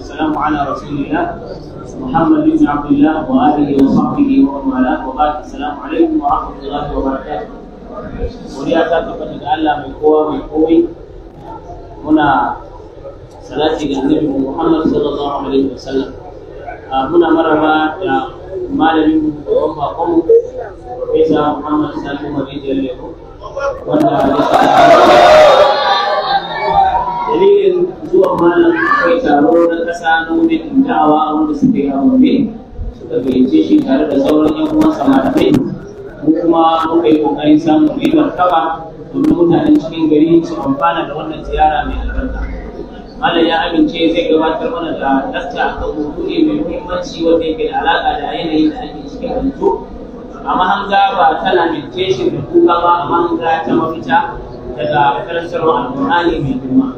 والسلام على رسول الله محمد بن عبد الله واله وصحبه ومن والاه وبعد السلام عليكم ورحمه الله وبركاته. وليا تاكل تتعلم القوى من قوي هنا صلاتي النبي محمد صلى الله عليه وسلم. آه، هنا مرحبا يا مال من توفى قوم عيسى محمد سالم رضي الله عنه. malam akwai taro na ƙasa na wurin dawa wanda suka yi a Gombe suka gayyace shi tare da sauran yan da malamai mu kuma muka yi ƙoƙarin samun mai martaba domin mutanen cikin gari su amfana da wannan ziyara mai albarka. Malam ya amince zai gabatar mana da lasta a kan ne mai muhimmanci wanda yake da alaƙa da yanayin da ake ciki a yanzu. Amma mahanga ba ta lamentation da kuka ba a mahanga ta mafita daga karantarwar ne mai girma.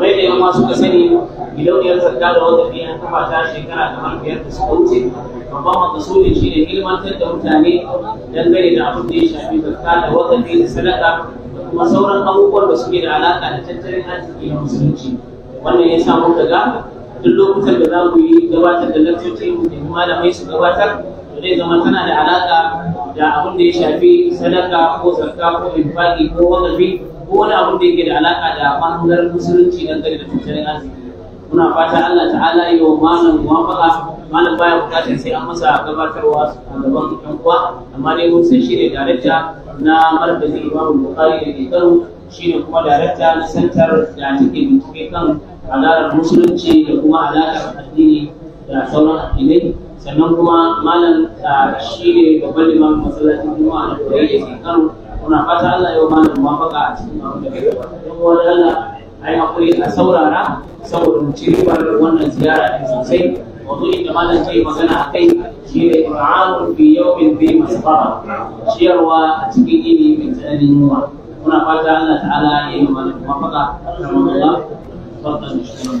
kamar da yan masu ka sani gidauniyar zarga da wata biya ta fata shekara da biyar da suka wuce amma ne shi ne ilmantar da mutane dangane da abin da ya shafi zarga da wata biya da sadaka da kuma sauran abubuwan da suke da alaƙa da tattalin arziki na musulunci wannan ya samu daga ga duk lokutan da za mu yi gabatar da lantarki mu da malamai su gabatar zai zama tana da alaka da abin da ya shafi sadaka ko sarka ko infaki ko wadabi ko wani abin da yake da alaka da mahangar musulunci gari da tattalin arziki muna fata Allah ta'ala yi wa malam muwafaka malam baya bukatar sai an masa gabatarwa a gaban kan uwa amma dai mun san shi ne darakta na marbazi imamu bukari da ke kano shi ne kuma darakta na santar da take bincike kan alaƙar musulunci da kuma alaƙar addini da sauran addinai sannan kuma malam ah, shi ne babban liman masallacin juma'a na koyi da ke kano muna fata Allah yau malam mafaka a cikin abin da ke gaba don wani Allah yi akwai a saurara saboda mu ci da wannan ziyara ne sosai wato inda malam ce magana a kai shi ne ra'anun fi yawmin masu masfara ciyarwa a cikin yini mai tsananin yunwa muna fata Allah ta'ala ya yi malam mafaka rahmatullah fatan shi ne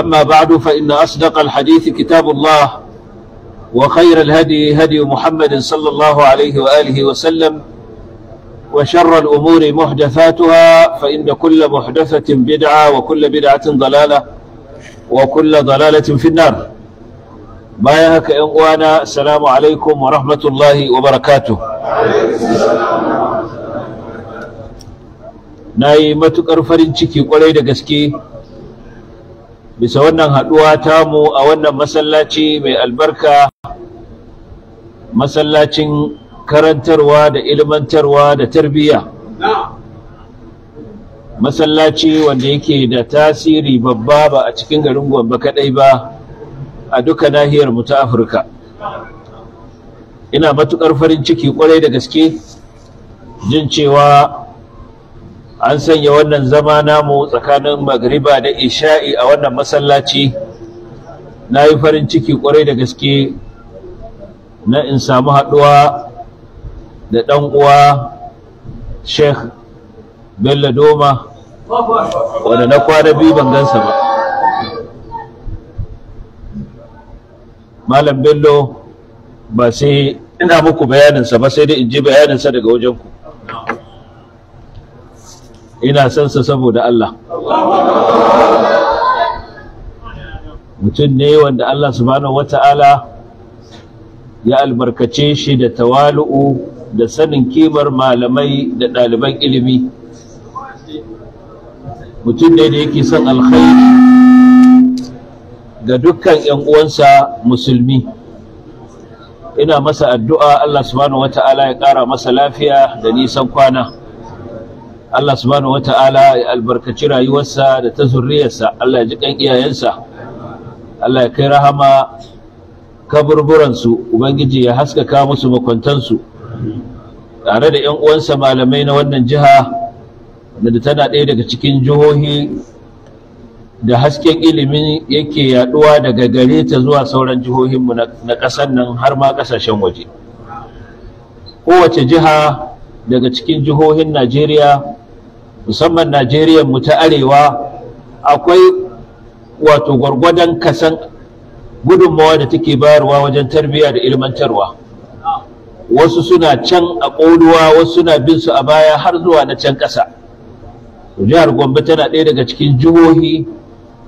أما بعد فإن أصدق الحديث كتاب الله وخير الهدي هدي محمد صلى الله عليه وآله وسلم وشر الأمور محدثاتها فإن كل محدثة بدعة وكل بدعة ضلالة وكل ضلالة في النار ما يهك إخوانا السلام عليكم ورحمة الله وبركاته na yi matuƙar farin قسكي bisa wannan haɗuwa tamu a wannan masallaci mai albarka masallacin karantarwa da ilmantarwa da tarbiyya masallaci wanda yake da tasiri babba ba a cikin garin gombe kaɗai ba a duka nahiyar mu ta afirka ina matuƙar farin ciki kwarai da gaske jin cewa an sanya wannan zama namu tsakanin magariba da isha'i a wannan masallaci na yi farin ciki kwarai da gaske na in samu haɗuwa da ɗan uwa sheikh bello doma wadda na kwana biyu ban gansa ba malam bello ba sai ina muku bayaninsa ba sai dai in ji bayaninsa daga wajenku ina son sa saboda Allah mutum ne wanda Allah subhanahu wata'ala ya albarkace shi da tawalu'u da sanin kimar malamai da ɗaliban ilimi mutum ne da yake son alkhairi ga dukkan 'yan uwansa musulmi ina masa addu'a Allah subhanahu wata'ala ya ƙara masa lafiya da nisan kwana Allah subhanahu wata'ala ya albarkaci rayuwarsa da ta zurriyarsa Allah ya ji kan iyayensa Allah ya kai rahama kaburburansu ubangiji ya haskaka musu makwantansu tare da 'yan uwansa malamai na wannan jiha da tana ɗaya daga cikin jihohi da hasken ilimin yake yaduwa daga gare ta zuwa sauran jihohinmu na ƙasar nan har ma ƙasashen waje kowace jiha daga cikin jihohin najeriya musamman najeriya mu ta arewa akwai wato gwargwadon kasan gudunmawa da take bayarwa wajen tarbiyya da ilmantarwa wasu suna can a ƙoduwa, wasu suna bin su a baya har zuwa na can ƙasa jihar gombe tana ɗaya daga cikin jihohi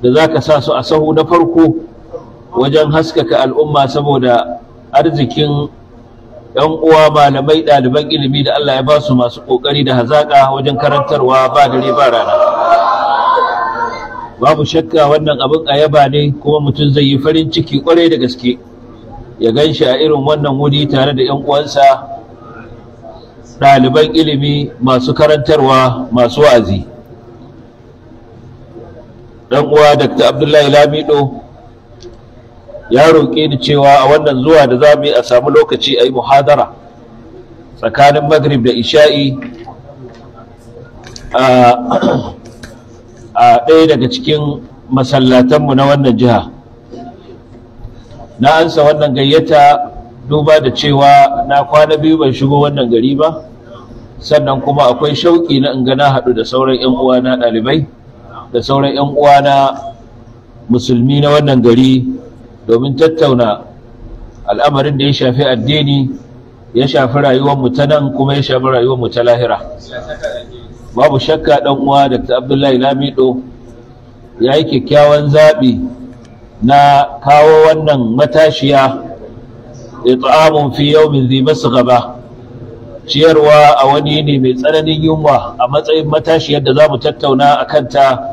da za ka sa su a sahu na farko wajen haskaka al'umma saboda arzikin yan uwa malamai ɗaliban ilimi da Allah ya ba su masu ƙoƙari da hazaƙa wajen karantarwa ba dare ba rana babu shakka wannan abin ayaba ne kuma mutum zai yi farin ciki ƙwarai da gaske ya gan shi a irin wannan wuri tare da yan uwansa ɗaliban ilimi masu karantarwa masu wa'azi dan uwa Dr. Abdullahi Lamido ya roƙe ni cewa a wannan zuwa da za mu yi a samu lokaci a yi muhadara tsakanin maghrib da isha'i a ɗaya daga cikin masallatanmu na wannan jiha na ansa wannan gayyata duba da cewa na kwana biyu ban shigo wannan gari ba sannan kuma akwai shauƙi na in na haɗu da sauran 'yan uwana ɗalibai da sauran 'yan uwana musulmi na wannan gari domin tattauna al'amarin da ya shafi addini ya shafi rayuwar mu ta nan kuma ya shafi rayuwar mu ta lahira babu shakka dan uwa ta Abdullahi Lamido ya yi kyakkyawan zaɓi na kawo wannan matashiya it'amun fi yawmin su gaba. ciyarwa a wani ne mai tsananin yunwa a matsayin matashiyar da za mu tattauna a kanta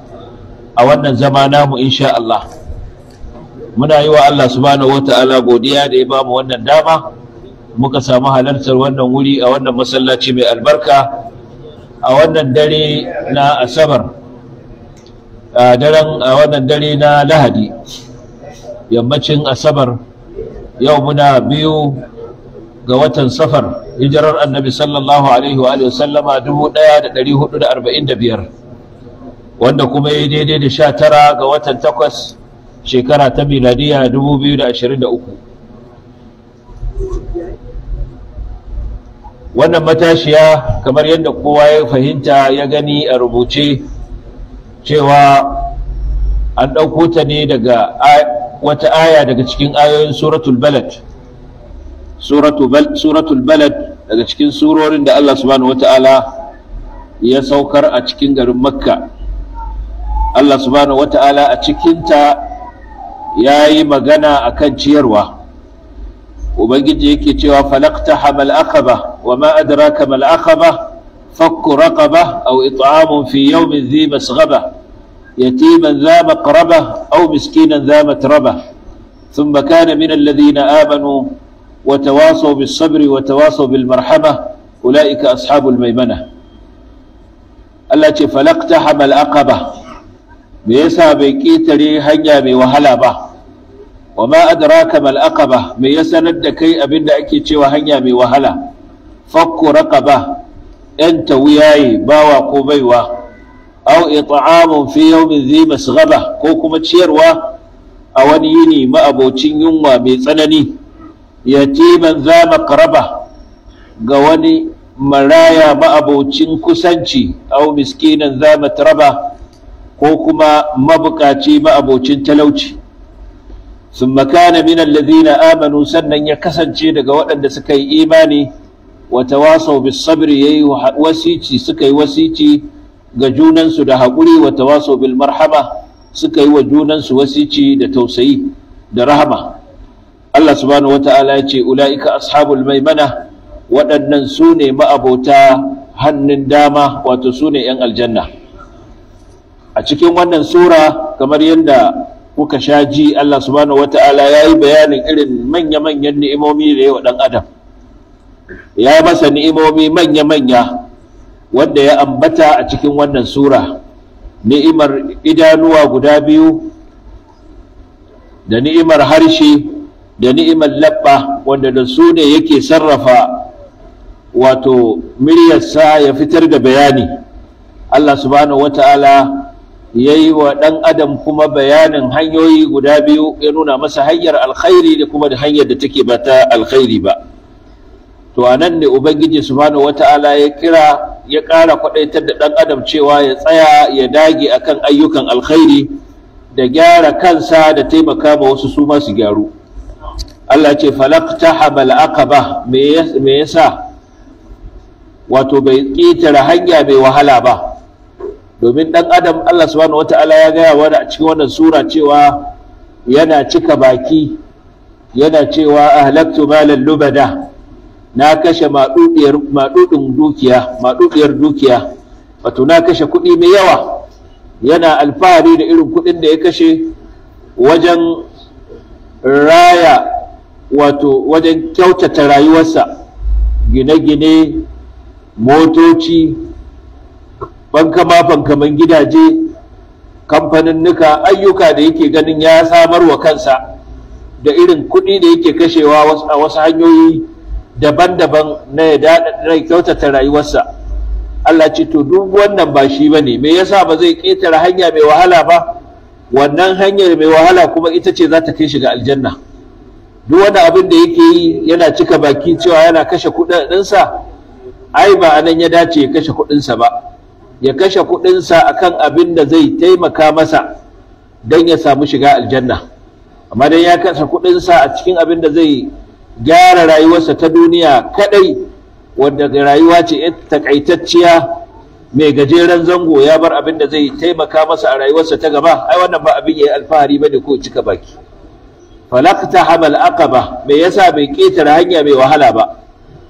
a wannan zama namu insha Allah. muna yi wa Allah subhanahu wata'ala godiya da ya ba mu wannan dama muka samu halartar wannan wuri a wannan masallaci mai albarka a wannan dare na asabar a daren a wannan dare na lahadi yammacin asabar yau muna biyu ga watan safar hijirar annabi sallallahu alaihi wa sallama biyar, wanda kuma ya daidai da tara ga watan takwas shekara ta miladiya 2023 wannan matashiya kamar yadda kowa ya fahimta ya gani a rubuce cewa an ɗauko ta ne daga wata aya daga cikin ayoyin suratul balad suratul balad daga cikin surorin da Allah subhanahu wata'ala ya saukar a cikin garin makka Allah subhanahu wata'ala a cikinta ya yi magana akan ciyarwa ubangiji yake cewa falakta hamal akaba wa ma adraka mal akaba fakku raqaba aw it'amun fi yawmin dhi masghaba yatiman dha maqraba aw miskinan dha matraba thumma kana min alladhina amanu ثم كان من الذين آمنوا وتواصوا بالصبر وتواصوا بالمرحمة أولئك أصحاب الميمنة falakta hamal akaba me yasa bai ƙetare hanya mai wahala ba wa ma adraka mal aqaba me ya sanar da kai abinda ake cewa hanya mai wahala fakku raqaba yan tawiyaye bawa ko baiwa aw it'amun fi yawmin dhi masghaba ko kuma ciyarwa a wani yini ma'abocin yunwa mai tsanani yatiman za maqraba ga wani maraya ma'abocin kusanci aw miskinan za matraba ko kuma mabukaci ma'abocin talauci sun makana min alladhina amanu sannan ya kasance daga waɗanda suka yi imani wa tawasau bis sabri yayi wasici suka yi wasici ga junansu da haƙuri Wata tawasau bil marhama suka yi wa junansu wasici da tausayi da rahama Allah subhanahu wata'ala ya ce ula'ika ashabul maimana waɗannan su ne ma'abota hannun dama wato su ne 'yan aljanna a cikin wannan sura kamar yadda kuka sha ji Allah subhanahu wata'ala ya yi bayanin irin manya-manyan ni'imomi da yawa ɗan adam ya masa ni'imomi manya-manya wanda ya ambata a cikin wannan sura ni'imar idanuwa guda biyu da ni'imar harshe da ni'imar labba wanda da su ne yake sarrafa wato miryarsa ya fitar da bayani Allah subhanahu wata'ala ya yi wa ɗan adam kuma bayanin hanyoyi guda biyu ya nuna masa hanyar alkhairi da kuma da hanyar da take ba ta alkhairi ba to a nan ne ubangiji subhanahu wata'ala ya kira ya ƙara kwaɗaitar da ɗan adam cewa ya tsaya ya dage akan ayyukan alkhairi da gyara kansa da taimaka ma wasu su masu gyaru Allah ce falakta hamal aqaba me yasa wato bai ƙetare hanya mai wahala ba domin dan adam Allah subhanahu wata'ala ya gaya wani a cikin wannan sura cewa yana cika baki yana cewa ahlaktu malan lubada na kashe maɗuɗin dukiya maɗuɗiyar dukiya wato na kashe kuɗi mai yawa yana alfahari da irin kuɗin da ya kashe wajen raya wato wajen kyautata rayuwarsa gine-gine motoci banka fankaman gidaje kamfanin Nuka, ayyuka da yake ganin ya samar wa kansa da irin kuɗi da yake kashewa a wasu hanyoyi daban-daban na ya kyautata rayuwarsa Allah ce to duk wannan ba shi ba ne me yasa ba zai ƙetare hanya mai wahala ba wannan hanyar mai wahala kuma ita ce za ta kai shi ga aljanna duk wani abin da yake yi yana cika baki cewa yana kashe kuɗinsa ai ba anan ya dace ya kashe kuɗinsa ba ya kashe kuɗinsa akan abin da zai taimaka masa don ya samu shiga aljanna amma dan ya kashe kuɗinsa a cikin abin da zai gyara rayuwarsa ta duniya kadai wanda rayuwa ce takaitacciya mai gajeren zango ya bar abin da zai taimaka masa a rayuwarsa ta gaba ai wannan ba abin yayi alfahari bane ko cika baki falaqta hamal aqaba me yasa bai ketara hanya mai wahala ba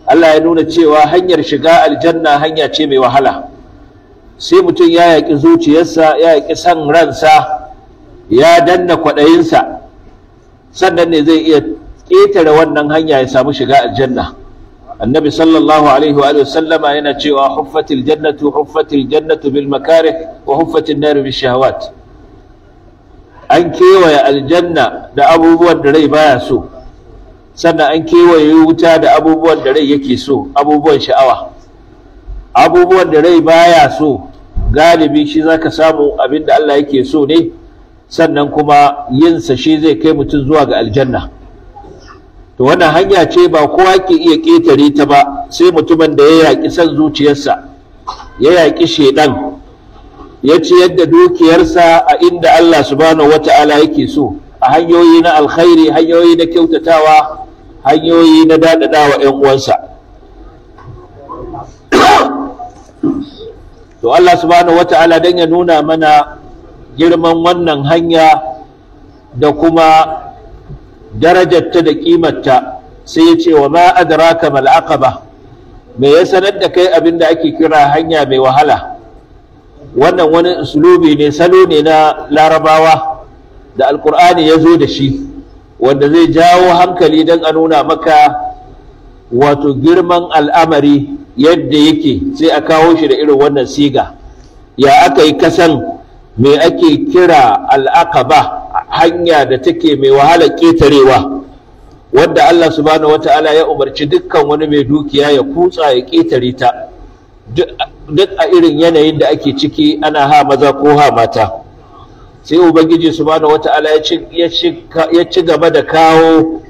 Allah ya nuna cewa hanyar shiga aljanna hanya ce mai wahala sai mutum ya yaƙi zuciyarsa ya yaƙi son ransa ya danna kwaɗayinsa sannan ne zai iya ƙetare wannan hanya ya samu shiga aljanna annabi sallallahu alaihi wa sallama yana cewa huffatil jannatu huffatil jannatu bil makarih wa huffatin nar bil shahawat an kewaye aljanna da abubuwan da rai baya so sannan an kewaye wuta da abubuwan da rai yake so abubuwan sha'awa abubuwan da rai baya so galibi shi zaka samu abin da Allah yake so ne sannan kuma yinsa shi zai kai mutum zuwa ga aljanna to wannan hanya ce ba kowa ke iya ƙetare ta ba sai mutumin da ya yaki son zuciyarsa ya yaƙi shedan ya ci yadda dukiyarsa a inda Allah subhanahu wata'ala yake so a hanyoyi na alkhairi hanyoyi na kyautatawa hanyoyi na daɗaɗawa 'yan uwansa to Allah subhanahu wata'ala dan ya nuna mana girman wannan hanya da kuma darajarta da kimarta sai ya ce wa ma adraka mal aqaba me ya sanar da kai abin da ake kira hanya mai wahala wannan wani usulubi ne salo ne na larabawa da Alƙur'ani ya zo da shi wanda zai jawo hankali don a nuna maka wato girman al'amari yadda yake sai a kawo shi da irin wannan siga ya aka yi kasan me ake kira al'aqaba hanya da take mai wahala ƙetarewa wanda Allah subhanahu wata'ala ya umarci dukkan wani mai dukiya ya kutsa ya ƙetare ta duk a irin yanayin da ake ciki ana ha maza ko ha mata sai ubangiji subhanahu wata'ala ya ci gaba da kawo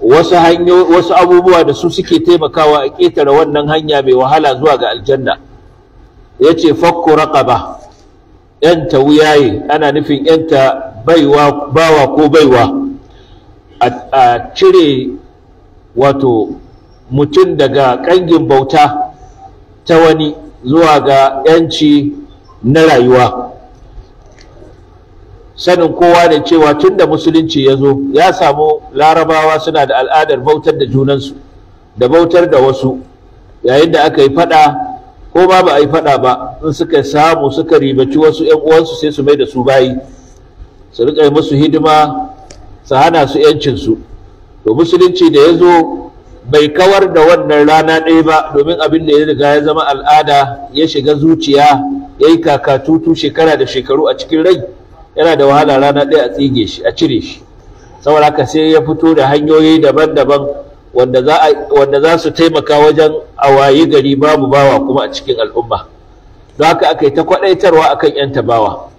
wasu hanyo wasu abubuwa da su suke taimakawa a ƙetare wannan hanya mai wahala zuwa ga aljanna yace fakku raqaba yanta wuyaye ana nufin yanta baiwa bawa ko baiwa a cire wato mutum daga ƙangin bauta ta wani zuwa ga yanci na rayuwa sanin kowa ne cewa tun da musulunci ya zo ya samu larabawa suna da al'adar bautar da junansu da bautar da wasu yayin da aka yi fada ko ba ba a yi fada ba in suka samu suka ribaci wasu ‘yan uwansu sai su mai da su bayi su riƙe musu hidima su hana su ‘yancinsu to musulunci da ya zo bai kawar da wannan rana ɗaya ba domin abin da ya riga ya zama al'ada ya shiga zuciya ya yi kakatutu shekara da shekaru a cikin rai yana da wahala rana ɗaya a tsige shi a cire shi saboda haka sai ya fito da hanyoyi daban-daban wanda za su taimaka wajen a wayi gari babu bawa kuma a cikin al'umma don haka aka yi ta kwaɗaitarwa akan 'yan tabawa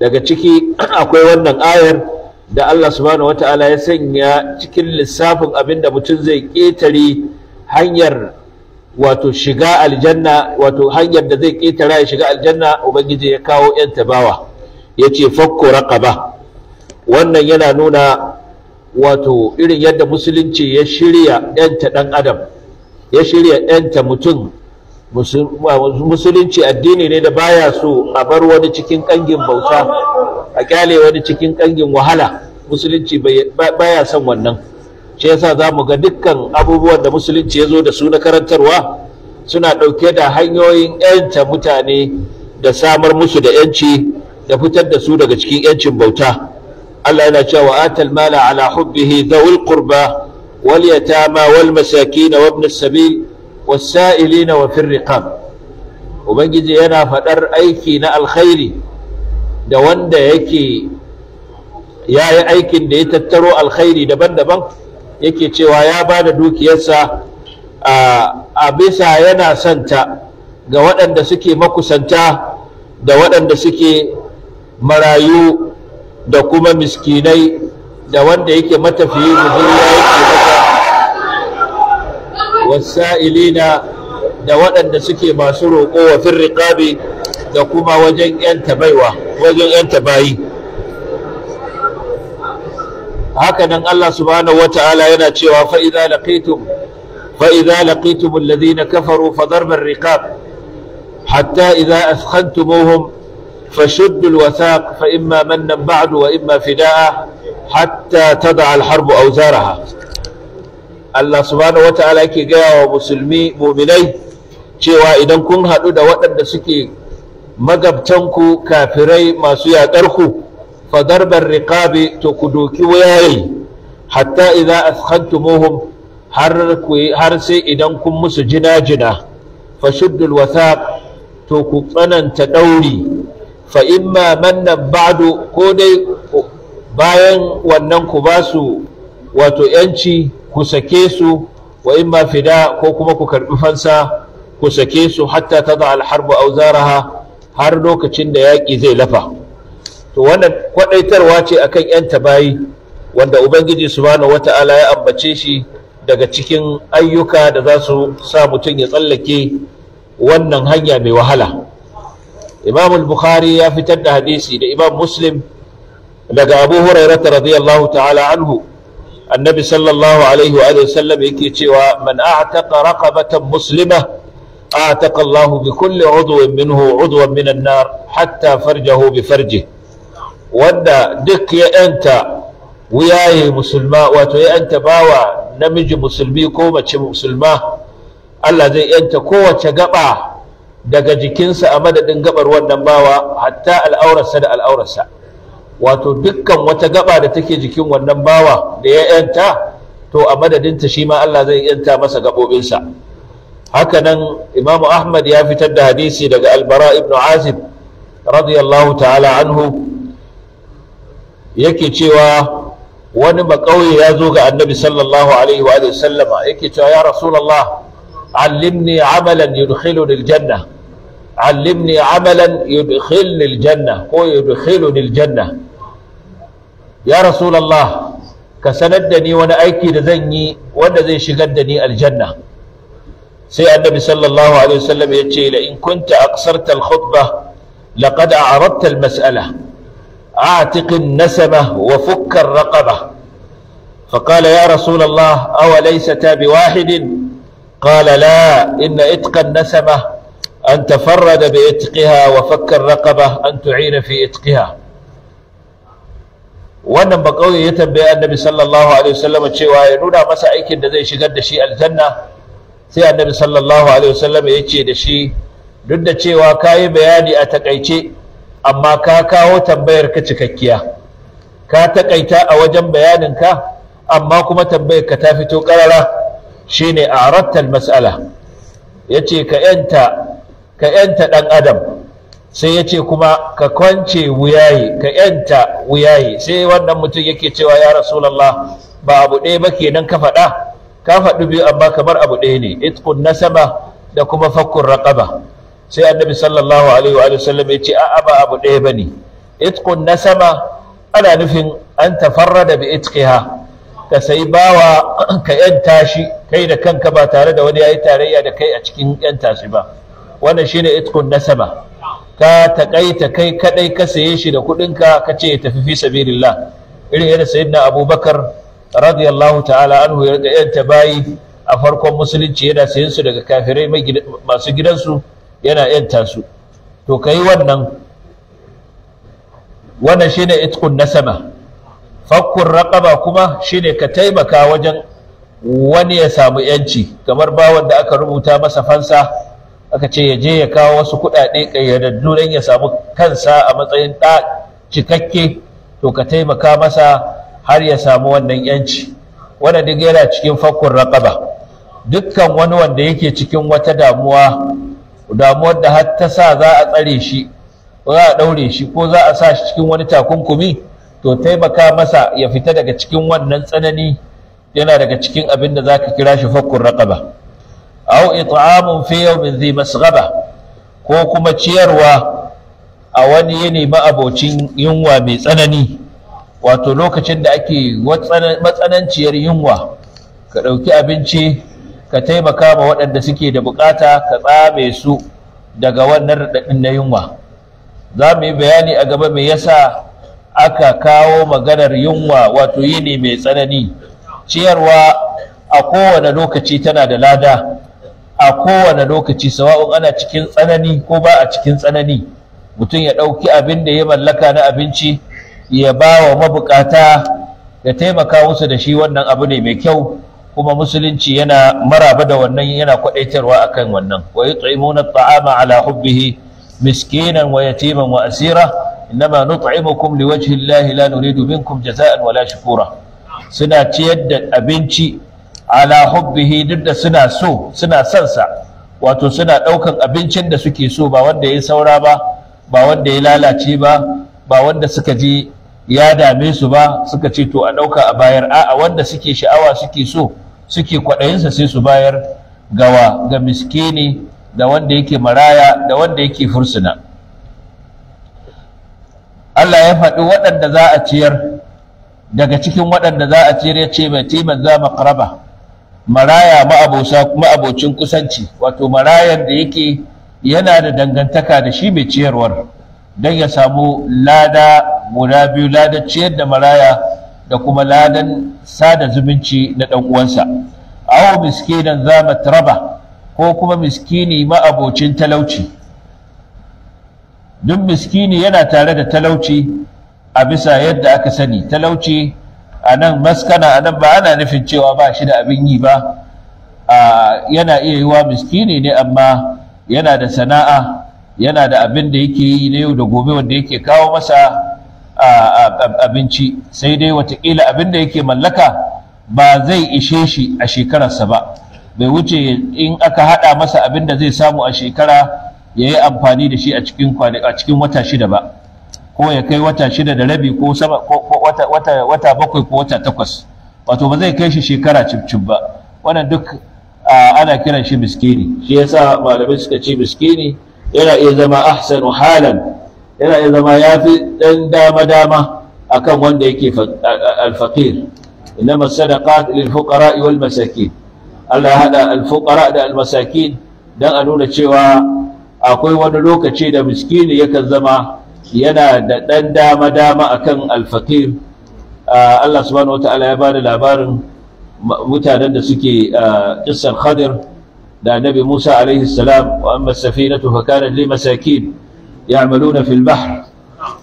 daga ciki akwai wannan ayar da Allah subhanahu wata'ala ya sanya cikin lissafin abin da mutum zai ƙetare hanyar wato shiga aljanna wato hanyar da zai ƙetara ya shiga aljanna ubangiji ya kawo 'yan tabawa ya ce fakko raƙaba. wannan yana nuna wato irin yadda musulunci ya shirya yanta ɗan adam ya shirya yanta mutum musulunci addini ne da baya so a bar wani cikin ƙangin bauta a kyale wani cikin ƙangin wahala musulunci baya son wannan shi yasa za mu ga dukkan abubuwan da musulunci ya zo da su na karantarwa suna ɗauke da hanyoyin 'yanta mutane da samar musu da 'yanci ya fitar da su daga cikin yancin bauta Allah yana cewa atal mala ala hubbihi dhawil qurba wal yatama wal masakin wa ibn as-sabil was sa'ilin wa fir riqab ubangiji yana fadar aiki na alkhairi da wanda yake yayi aikin da ya tattaro alkhairi daban-daban yake cewa ya bada dukiyarsa a bisa yana santa ga waɗanda suke makusanta da waɗanda suke marayu da kuma miskinai da wanda yake matafiyi gudunwa yake maka wasa'ilina da waɗanda suke masu roƙo wa firriƙabi da kuma wajen 'yan tabaiwa wajen 'yan tabayi hakanan Allah subhanahu wata'ala yana cewa fa'iza laqitum fa'iza laqitum alladhina fa darbar riqab hatta iza athkhantumوهم فشد الوثاق فإما منا بعد وإما فداء حتى تضع الحرب أوزارها الله سبحانه وتعالى yake gaya wa musulmi muminai cewa idan kun haɗu da waɗanda suke magabtanku kafirai masu yaƙarku fadarbar rikabi to ku doki wayayi hatta idan askantumuhum har sai idan kun musu jina-jina fashuddul wathaq to ku tsananta ɗauri fa imma mannan ba'du ko dai bayan wannan ku ba su wato yanci ku sake su wa imma fida ko kuma ku karbi fansa ku sake su hatta tada alharbu auzaraha har lokacin da yaƙi zai lafa to wannan kwadaitarwa ce akan yan tabayi wanda ubangiji subhanahu wata'ala ya ambace shi daga cikin ayyuka da za su sa mutum ya tsallake wannan hanya mai wahala إمام البخاري يا فتن حديثي لإمام مسلم لقى أبو هريرة رضي الله تعالى عنه النبي صلى الله عليه وآله وسلم يكيتي ومن أعتق رقبة مسلمة أعتق الله بكل عضو منه عضوا من النار حتى فرجه بفرجه ودا دك يا أنت وياي مسلما واتويا أنت باوى نمج مسلمي كومة مسلما الذي أنت قوة جبعة daga jikinsa a madadin gabar wannan bawa hatta al'aurarsa da al'aurarsa wato dukkan wata gaba da take jikin wannan bawa da ya yanta to a madadinta shi ma Allah zai yanta masa gaɓoɓinsa haka nan imamu ahmad ya fitar da hadisi daga albara ibn azib radiyallahu ta'ala anhu yake cewa wani makauye ya zo ga annabi sallallahu alaihi wa sallama yake cewa ya rasulallah allimni amalan yudkhiluni aljanna علمني عملا يدخلني الجنة هو يدخلني الجنة يا رسول الله كسندني وانا ايكي لذني وانا ذي شغدني الجنة سي النبي صلى الله عليه وسلم يتشي لئن كنت أقصرت الخطبة لقد أعرضت المسألة أعتق النسمة وفك الرقبة فقال يا رسول الله أوليستا بواحد قال لا إن إتق النسمة أن تفرد بإتقها وفك الرقبة أن تعين في إتقها wannan ba ya tambayi annabi sallallahu alaihi wasallam cewa ya nuna masa aikin da zai shigar da shi aljanna sai annabi sallallahu alaihi wasallam ya ce da shi duk da cewa kayi bayani a takaice amma ka kawo tambayar ka cikakkiya ka takaita a wajen bayanin ka amma kuma tambayar ka ta fito karara shine a al-mas'ala yace ka yanta ka yanta ɗan adam sai ya ce kuma ka kwance wuyaye ka yanta wuyaye sai wannan mutum yake cewa ya rasulallah ba abu ɗaya ba kenan ka faɗa ka faɗi biyu amma kamar abu ɗaya ne na sama da kuma fakkun raƙaba. sai annabi sallallahu alaihi wa sallam ya ce a'a ba abu ɗaya Itkun na sama ana nufin an tafarrada bi itkiha ka sai bawa ka yanta shi kai da kanka ba tare da wani yayi tarayya da kai a cikin yanta shi ba wannan shine itkun nasaba ka takaita kai kadai ka saye shi da kuɗinka ka ce ya tafi fi sabilillah irin yadda sayyidina abubakar radiyallahu ta'ala anhu ya ga yanta bayi a farkon musulunci yana sayen su daga kafirai masu gidansu yana yanta su to kai wannan wannan shine itkun nasaba fakkun raqaba kuma shine ka taimaka wajen wani ya samu yanci kamar bawan da aka rubuta masa fansa aka ce ya je ya kawo wasu kuɗaɗe ƙayyadaddu don ya samu kansa a matsayin ɗa cikakke to ka taimaka masa har ya samu wannan yanci wanda duk yana cikin fakkun raƙaba dukkan wani wanda yake cikin wata damuwa damuwar da har ta sa za a tsare shi za a ɗaure shi ko za a sa shi cikin wani takunkumi to taimaka masa ya fita daga cikin wannan tsanani yana daga cikin abin da za ka kira shi fakkun raƙaba aw it'amun fi yawmin dhi masghaba ko kuma ciyarwa a wani yini ma'abocin yunwa mai tsanani wato lokacin da ake matsananciyar yunwa ka ɗauki abinci ka taimaka ma waɗanda suke da bukata ka tsame su daga wannan raɗaɗin na yunwa za mu yi bayani a gaba me yasa aka kawo maganar yunwa wato yini mai tsanani ciyarwa a kowane lokaci tana da lada a kowane lokaci sawa'un ana cikin tsanani ko ba a cikin tsanani mutum ya ɗauki abin da ya mallaka na abinci ya ba wa mabukata ya taimaka musu da shi wannan abu ne mai kyau kuma musulunci yana maraba da wannan yana a kan wannan wa tsaimuna ta'ama ala hubbihi miskinan wa yatiman wa asira innama nut'imukum liwajhi llahi la nuridu minkum jazaa'an wala shukura suna ciyar da abinci ala hubbihi duk da suna so suna son sa wato suna ɗaukan abincin da suke so ba wanda ya saura ba ba wanda ya lalace ba ba wanda suka ji ya dame su ba suka ce to a ɗauka a bayar a'a wanda suke sha'awa suke so suke kwaɗayinsa sai su bayar gawa ga miskini da wanda yake maraya da wanda yake fursuna Allah ya faɗi waɗanda za a ciyar daga cikin waɗanda za a ciyar ya ce mai timan za maqraba maraya ma'abocin kusanci wato marayan da yake yana da dangantaka da shi mai ciyarwar don ya samu lada guda biyu lada ciyar da maraya da kuma ladan sada zumunci na ɗan uwansa awo miskinan za matraba ko kuma miskini ma'abocin talauci duk miskini yana tare da talauci a bisa yadda aka sani talauci a nan maskana a nan ba ana nufin cewa ba shi da abin yi ba yana iya yiwa miskini ne amma yana da sana'a yana da abin da yake yi na yau da gobe wanda yake kawo masa abinci sai dai watakila abin da yake mallaka ba zai ishe shi a shekararsa ba bai wuce in aka haɗa masa abin da zai samu a shekara ya yi amfani da shi a cikin wata shida ba ko ya kai wata shida da rabi ko wata bakwai ko wata takwas wato ba zai kai shi shekara cibcib ba wannan duk ana kiran shi miskini shi yasa malamai suka ce miskini yana iya zama ahsanu halan yana iya zama yafi dan dama dama akan wanda yake alfaqir إنما الصدقات للفقراء masakin. Allah ya haɗa da almasakin don a nuna cewa akwai wani lokaci da miskini yakan zama yana da ɗan dama dama akan alfaqir Allah subhanahu wataala ya bada labarin mutanen da suke qissar Khadir da Nabi Musa alaihi salam wa amma safinatu na kanat li masakin ya'maluna fil bahr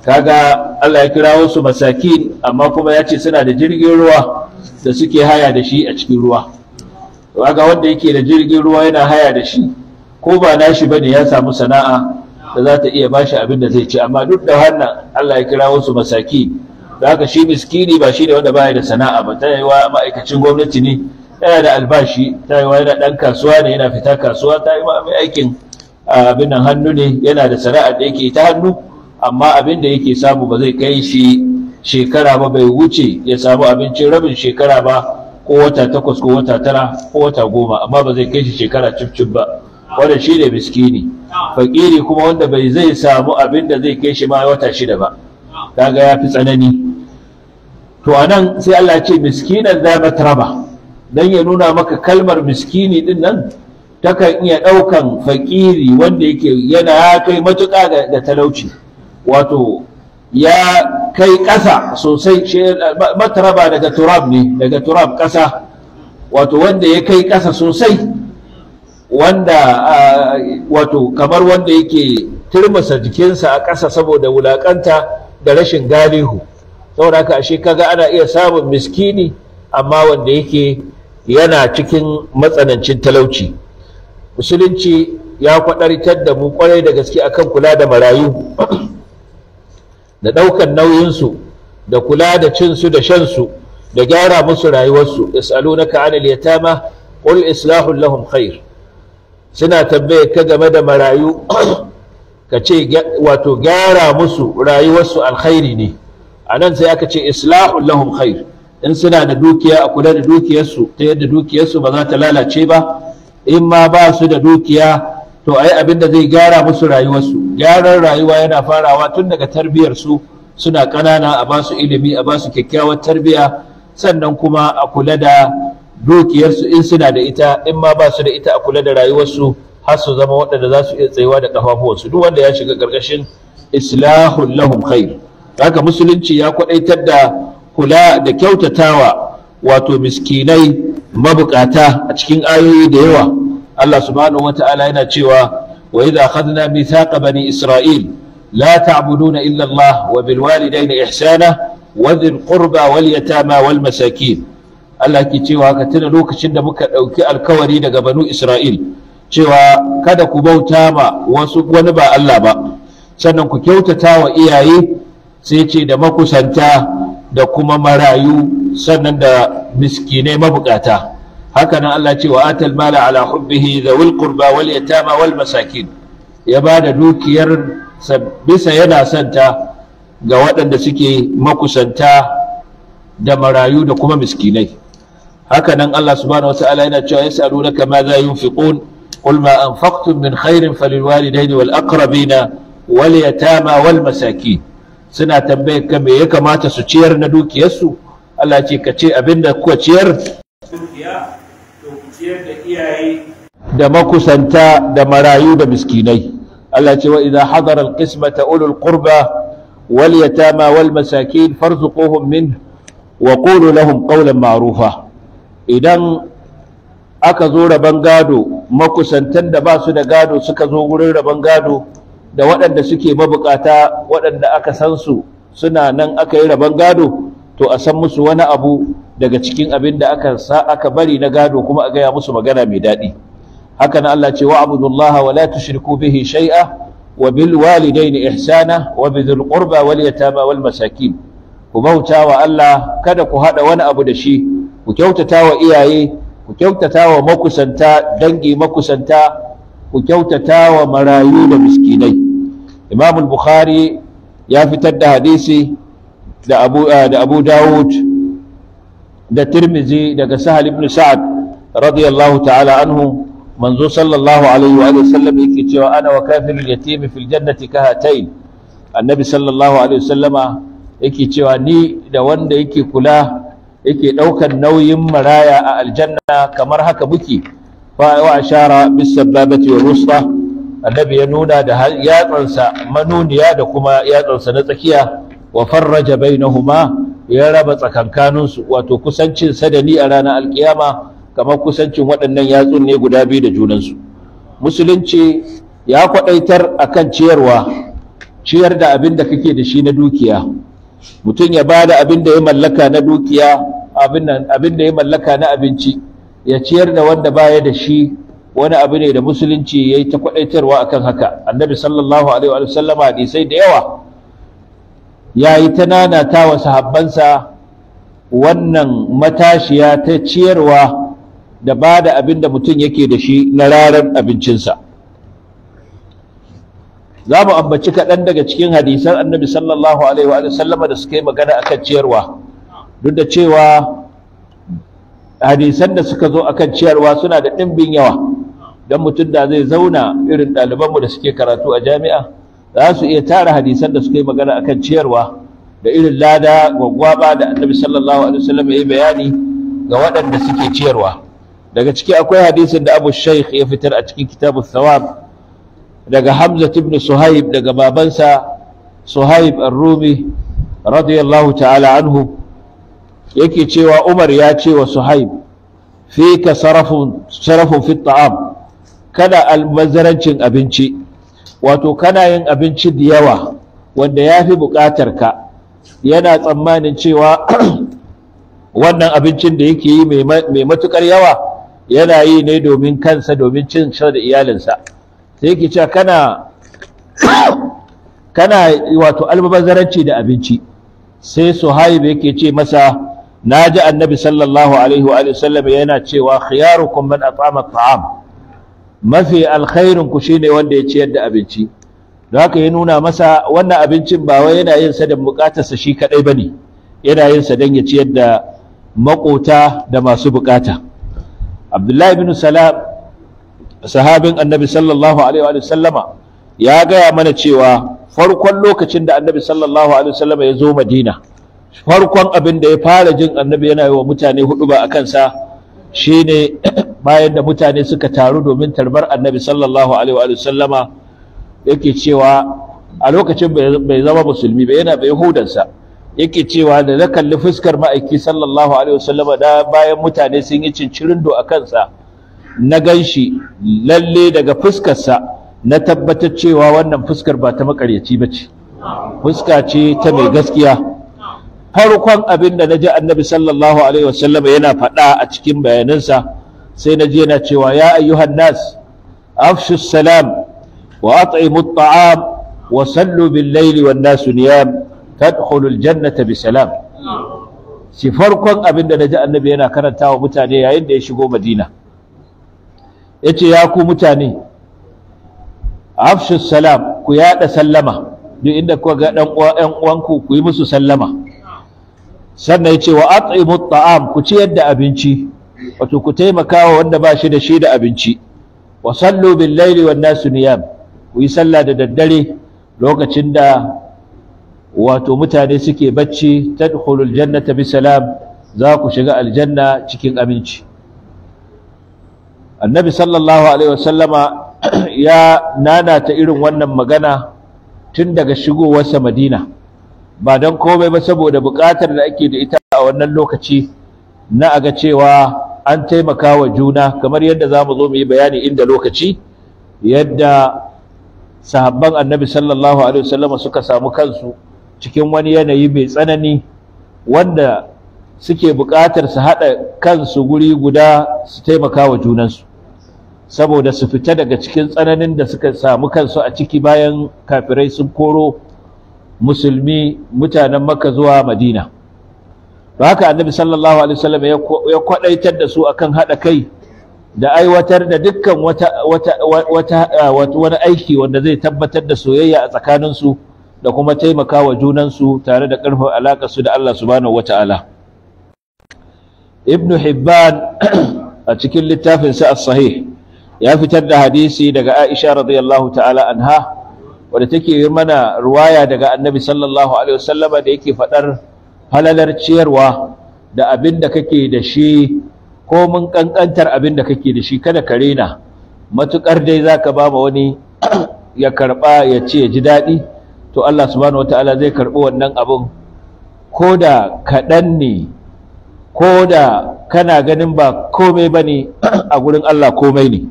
kaga Allah ya kira wasu masakin amma kuma ya ce suna da jirgin ruwa da suke haya da shi a cikin ruwa kaga wanda yake da jirgin ruwa yana haya da shi ko ba nashi bane ya samu sana'a da za ta iya ba shi abin da zai ci amma duk da wannan Allah ya kira wasu masaki da haka shi miskini ba shi ne wanda baya da sana'a ba ta yi wa ma'aikacin gwamnati ne yana da albashi ta yi wa yana ɗan kasuwa ne yana fita kasuwa ta yi mai aikin abin nan hannu ne yana da sana'a da yake ta hannu amma abin da yake samu ba zai kai shi shekara ba bai wuce ya samu abincin rabin shekara ba ko wata takwas ko wata tara ko wata goma amma ba zai kai shi shekara cif ba wannan shi ne miskini fakiri kuma wanda bai zai samu abin da zai kai shi ma wata shida ba kaga ya fi tsanani to anan sai Allah ce miskinan za matraba dan ya nuna maka kalmar miskini din nan takan iya ɗaukan fakiri wanda yake yana kai matuƙa ga talauci wato ya kai ƙasa sosai matraba daga turab ne daga turab ƙasa wato wanda ya kai ƙasa sosai wanda wato kamar wanda yake turmasa jikinsa a ƙasa saboda wulaƙanta da rashin galihu saboda haka ashe kaga ana iya samun miskini amma wanda yake yana cikin matsanancin talauci musulunci ya kwaɗartar da mu kwarai da gaske akan kula da marayu da ɗaukan nauyinsu da kula da cinsu da shansu da gyara musu rayuwarsu yas'alunaka anil yatama qul islahul lahum khair suna tambaye ka game da marayu ka ce wato gyara musu rayuwarsu alkhairi ne a nan sai aka ce islahun lahum khair in suna da dukiya a kula da dukiyarsu ta yadda dukiyarsu ba za ta lalace ba in ma ba su da dukiya to ai abin da zai gyara musu rayuwarsu gyaran rayuwa yana farawa tun daga tarbiyarsu suna ƙanana a ba su ilimi a ba su kyakkyawar tarbiya sannan kuma a kula da dukiyarsu in suna da ita in ma ba su da ita a kula da rayuwarsu har su zama waɗanda za su iya tsayuwa da ƙafafuwansu duk wanda ya shiga ƙarƙashin islahun lahum khair haka musulunci ya kwaɗaitar da kula da kyautatawa wato miskinai mabukata a cikin ayoyi da yawa Allah subhanahu wata'ala yana cewa wa idza akhadna mithaqa bani isra'il la ta'buduna illa Allah wa bil walidayni ihsana wa dhil qurba wal yatama wal masakin Allah ke cewa ka tuna lokacin da muka ɗauki alkawari daga banu Isra'il cewa kada ku bauta ma wasu wani ba Allah ba sannan ku kyautata wa iyaye sai ce da makusanta da kuma marayu sannan da miskinai mabukata Hakanan nan Allah cewa atal mala ala hubbihi zawil qurba wal yatama wal masakin ya ba da dukiyar bisa yana santa ga waɗanda suke makusanta da marayu da kuma miskinai haka nan Allah subhanahu wata'ala yana cewa yas'alunaka ma za yunfiqun qul ma anfaqtum min khairin falilwalidayni wal aqrabina wal yatama wal masakin suna tambayar ka me ya kamata su ciyar na dukiyarsu Allah ce ka ce abinda kuka ciyar dukiya to ku ciyar da iyaye da makusanta da marayu da miskinai Allah ce wa idza hadara alqismata ulul qurba wal yatama wal masakin farzuquhum min wa qulu lahum qawlan ma'rufa idan aka zo rabon gado makusantan da ba su da gado suka zo wurin rabon gado da waɗanda suke mabukata waɗanda aka san su suna nan aka yi rabon gado to a san musu wani abu daga cikin abin da aka sa aka bari na gado kuma a gaya musu magana mai daɗi haka na Allah ce wa abudullaha wa la tushriku bihi shay'a wa bil walidayni ihsana wa bizul qurba wal yatama wal masakin ku bauta wa Allah kada ku hada wani abu da shi ku kyautata wa iyaye ku kyautata wa makusanta dangi makusanta ku kyautata wa marayu da miskinai imam bukhari ya fitar da hadisi da abu eh, da abu dawud da tirmizi daga sahal ibn sa'ad radiyallahu ta'ala anhu manzo sallallahu alaihi wa sallam yake cewa ana wa kafir yatimi fil jannati hatain? annabi sallallahu alaihi wasallama yake cewa ni da wanda yake kula yake ɗaukar nauyin maraya a aljanna kamar haka muke wa ashara bis sababati wa rusta annabi ya nuna da yatsansa manuniya da kuma yatsansa na tsakiya wa farraja bainahuma ya raba tsakankanin wato kusancin sadani a ranar alkiyama kamar kusancin waɗannan yatsun ne guda biyu da junansu musulunci ya kwadaitar akan ciyarwa ciyar da abin da kake da shi na dukiya mutum ya ba da abin da ya mallaka na dukiya abin da ya mallaka na abinci ya ciyar da wanda baya da shi wani abu ne da musulunci ya yi ta a kan haka annabi sallallahu alaihi wa sallama hadisai da yawa ya yi ta nanata wa sahabbansa wannan matashiya ta ciyarwa da ba da abin da mutum yake da shi na rarar abincinsa za mu ambaci kaɗan daga cikin hadisan annabi sallallahu alaihi wa sallama da suka yi magana akan ciyarwa duk da cewa hadisan da suka zo akan ciyarwa suna da ɗimbin yawa don mutum da zai zauna irin ɗalibanmu da suke karatu a jami'a za su iya tara hadisan da suka yi magana akan ciyarwa da irin lada gwaggwaba da annabi sallallahu alaihi wasallam ya yi bayani ga waɗanda suke ciyarwa daga ciki akwai hadisin da abu shaikh ya fitar a cikin kitabun thawab daga Hamza ibn Suhaib daga babansa Suhaib ar-Rumi radiyallahu ta'ala anhu yake cewa Umar ya ce wa Suhaib fika sarafun sarafun fi ta'am kana almazarancin abinci wato kana yin abinci da yawa wanda yafi buƙatar ka yana tsammanin cewa wannan abincin da yake yi mai matukar yawa yana yi ne domin kansa domin cin sa da iyalinsa sai yake cewa kana kana wato albabazaranci da abinci sai suhaib yake ce masa na ji annabi sallallahu alaihi wa sallam yana cewa khiyarukum man at'ama at'am mafi alkhairin ku shine wanda ya ciyar da abinci don haka ya nuna masa wannan abincin ba wai yana yin sa da bukatarsa shi kadai bane yana yin sa don ya ciyar da makota da masu bukata abdullahi bin salam sahabin annabi sallallahu alaihi wa sallama ya gaya mana cewa farkon lokacin da annabi sallallahu alaihi wa sallama ya zo madina farkon abin da ya fara jin annabi yana yi wa mutane hudu ba a kansa shine bayan da mutane suka taru domin tarbar annabi sallallahu alaihi wa sallama yake cewa a lokacin bai zama musulmi ba yana bai hudansa yake cewa da na kalli fuskar ma'aiki sallallahu alaihi da bayan mutane sun yi cincirindo a kansa na gan shi lalle daga fuskarsa na tabbatar cewa wannan fuskar ba ta makaryaci ba ce fuska ce ta mai gaskiya farkon abin da na ji annabi sallallahu alaihi wasallama yana faɗa a cikin bayanansa sai na ji yana cewa ya ayyuhan nas afshu salam wa at'imu at'am wa sallu bil laili wan nasu niyam tadkhulu al jannata bi salam shi farkon abin da na ji annabi yana karantawa mutane yayin da ya shigo madina ya ce ya ku mutane afshus salam ku yaɗa sallama duk inda kuka ga ɗan uwanku ku yi musu sallama sannan ya ce wa at'imu ta'am ku ciyar da abinci wato ku taimaka wa wanda ba shi da shi da abinci wa sallu bil laili wan nasu niyam ku yi sallah da daddare lokacin da wato mutane suke bacci tadkhulul ta bi salam za ku shiga aljanna cikin aminci annabi sallallahu alaihi wasallama ya nanata irin wannan magana tun daga shigowarsa madina ba don komai ba saboda buƙatar da ake da ita a wannan lokaci na aga cewa an taimaka wa juna kamar yadda za mu zo mu yi bayani inda lokaci yadda sahabban annabi sallallahu alaihi wasallama suka samu kansu cikin wani yanayi mai tsanani wanda suke buƙatar su haɗa kansu guri guda su taimaka wa junansu saboda su fita daga cikin tsananin da suka samu kansu a ciki bayan kafirai sun koro musulmi mutanen maka zuwa madina Ba haka annabi sallallahu alaihi wasallam ya kwadaitar da su akan hada kai da aiwatar da dukkan uh, wata wani aiki wanda zai tabbatar da soyayya a tsakaninsu da kuma taimaka wa junansu tare da ƙarfin su da Allah subhanahu wata'ala ibnu hibban a cikin littafinsa as-sahih ya fitar da hadisi daga Aisha radiyallahu ta'ala anha wadda take mana ruwaya daga Annabi sallallahu alaihi wasallama da yake fadar halalar ciyarwa da abin da kake da shi ko mun kankantar abin da kake da shi kada ka rena matukar dai zaka ba ma wani ya karba ya ce ya ji dadi to Allah subhanahu wataala zai karbi wannan abin ko da kadan ne ko da kana ganin ba komai bane a gurin Allah komai ne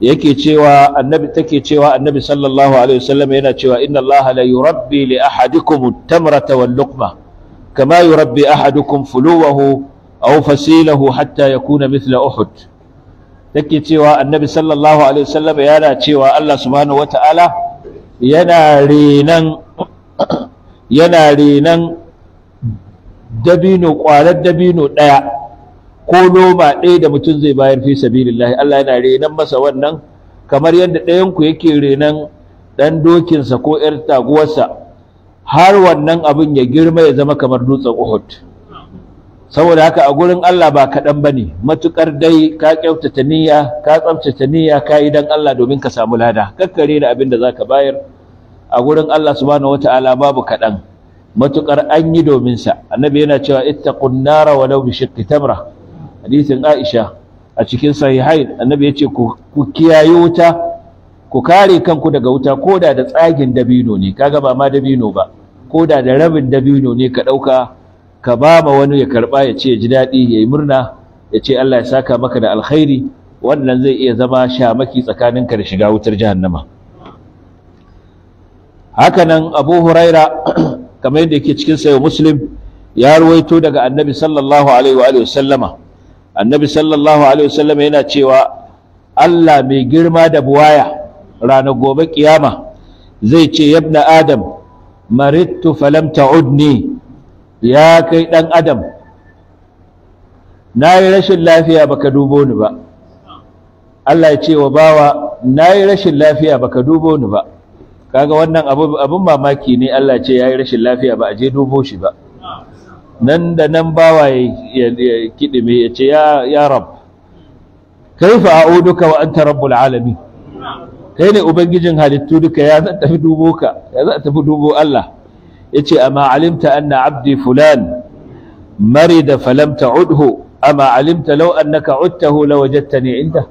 yake cewa annabi take cewa annabi sallallahu alaihi wasallam yana cewa inna allaha la yurabbi li ahadikum tamrata wal luqma kama yurabbi ahadukum fuluwahu aw fasilahu hatta yakuna mithla uhud take cewa annabi sallallahu alaihi wasallam yana cewa Allah subhanahu wataala yana renan yana renan dabino ɗaya. dabino daya ko noma ɗaya da mutum zai bayar fi sabilillahi Allah yana renan masa wannan kamar yadda ɗayan ku yake renan ɗan dokinsa ko ‘yar taguwarsa har wannan abin ya girma ya zama kamar dutsen Uhud saboda haka a gurin Allah ba kaɗan ba ne matuƙar dai ka kyautata niyya ka tsamtata niyya ka yi don Allah domin ka samu lada kakkare da abin da za ka bayar a gurin Allah subhanahu wata'ala babu kaɗan matuƙar an yi domin annabi yana cewa ittaqun nara walau bi shiqqi tamra hadisin Aisha a cikin sahihain annabi ce ku kiyaye wuta ku kare kanku daga wuta koda da tsagin dabino ne kaga ba ma dabino ba koda da rabin dabino ne ka ɗauka ka ba ma wani ya karɓa ya ce ji dadi yayi murna ya ce Allah ya saka maka da alkhairi wannan zai iya zama shamaki tsakaninka da shiga wutar jahannama hakanan Abu Huraira kamar yadda yake cikin sayo Muslim ya ruwaito daga Annabi sallallahu alaihi wa alihi annabi sallallahu alaihi wasallam yana cewa Allah mai girma da buwaya ranar gobe kiyama zai ce yabna adam marittu falam ta'udni ya kai dan adam na yi rashin lafiya baka dubo ni ba Allah ya ce wa bawa na yi rashin lafiya baka dubo ni ba kaga wannan abun mamaki ne Allah ce ya yi rashin lafiya ba a je dubo shi ba nan da nan bawa ya kidime ya ce ya rab kaifa a'uduka wa anta rabbul alamin kai ne ubangijin halittu duka ya zan tafi dubo ka ya zan tafi dubo Allah yace amma alimta anna abdi fulan marida falam ta'udhu amma alimta law annaka udtahu lawajadtani inda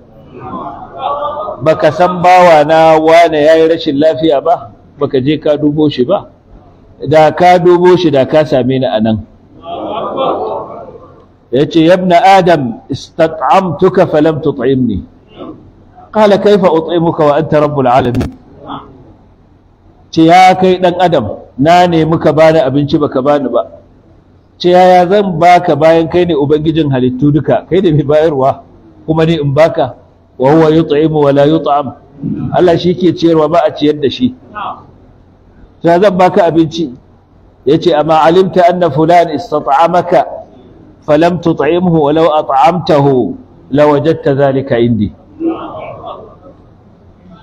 baka san bawa na wane yayi rashin lafiya ba baka je ka dubo shi ba da ka dubo shi da ka same ni anan yace ya ibn adam istat'amtuka falam tut'imni qala kaifa ut'imuka wa anta rabbul alamin ce ya kai dan adam na ne muka bani abinci baka bani ba ce yaya zan baka bayan kai ne ubangijin halittu duka kai da mai bayarwa kuma ne in baka wa huwa yut'imu wa la yut'am Allah shi ke ciyarwa ba a ciyar da shi ta zan baka abinci yace amma alimta anna fulan istat'amaka falam tut'imhu walau at'amtahu lawajadta zalika indi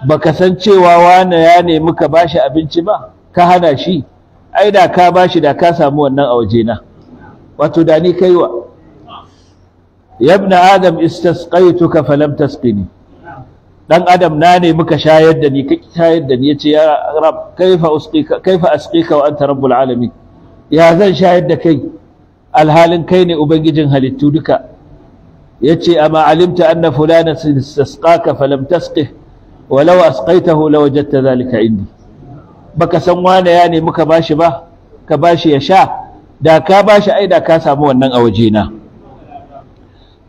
baka san cewa wani ya nemi ka bashi abinci ba ka hana shi ai da ka bashi da ka samu wannan a wajena wato da ni kaiwa ya ibn adam istasqaituka falam tasqini dan adam na ne muka shayar da ni ka shayar da ni yace ya rab kaifa usqika kaifa asqika wa anta rabbul alamin ya zan shayar da kai alhalin kai ne ubangijin halittu duka yace amma alimta anna fulana istasqaka falam tasqih walau asqaitahu lawajadta dhalika indi baka san wane ya ne muka bashi ba ka bashi ya sha da ka bashi ai da ka samu wannan a na.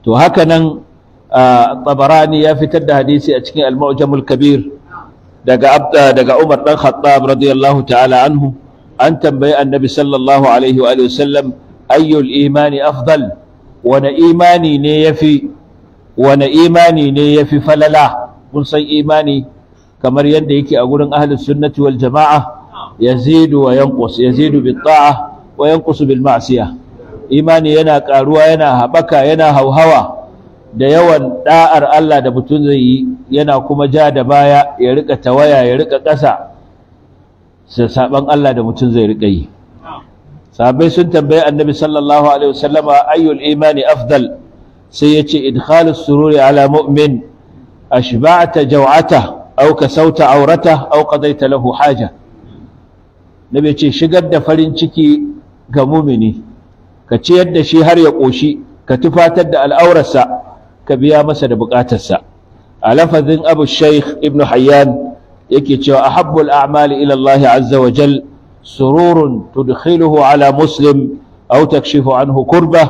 to haka nan tabarani ya fitar da hadisi a cikin al-mu'jamul kabir daga daga Umar dan Khattab radiyallahu ta'ala anhu an tambayi annabi sallallahu alaihi wa alihi wasallam ayyul imani afdal wani imani ne yafi wani imani ne yafi falala kun san imani kamar yadda yake a gurin ahlus sunnati wal jama'a yazidu wa yanqus yazidu bit ta'a wa yanqusu bil ma'siyah imani yana karuwa yana habaka yana hauhawa da yawan da'ar Allah da mutum zai yi yana kuma ja da baya ya rika tawaya ya rika ƙasa sai saban Allah da mutum zai rika yi Sabai sun tambaye annabi sallallahu alaihi wasallama ayyul imani afdal sai yace idkhalu sururi ala mu'min ashba'ta jaw'ata aw kasawta awrata aw qadaita lahu haja nabi yace shigar da farin ciki ga mu'mini ka ciyar da shi har ya koshi ka tufatar da al'aurarsa ka biya masa da bukatarsa a lafazin abu shaykh ibn hayyan yake cewa ahabbul a'mali ila Allah azza wa jal sururun tudkhiluhu ala muslim aw takshifu anhu kurbah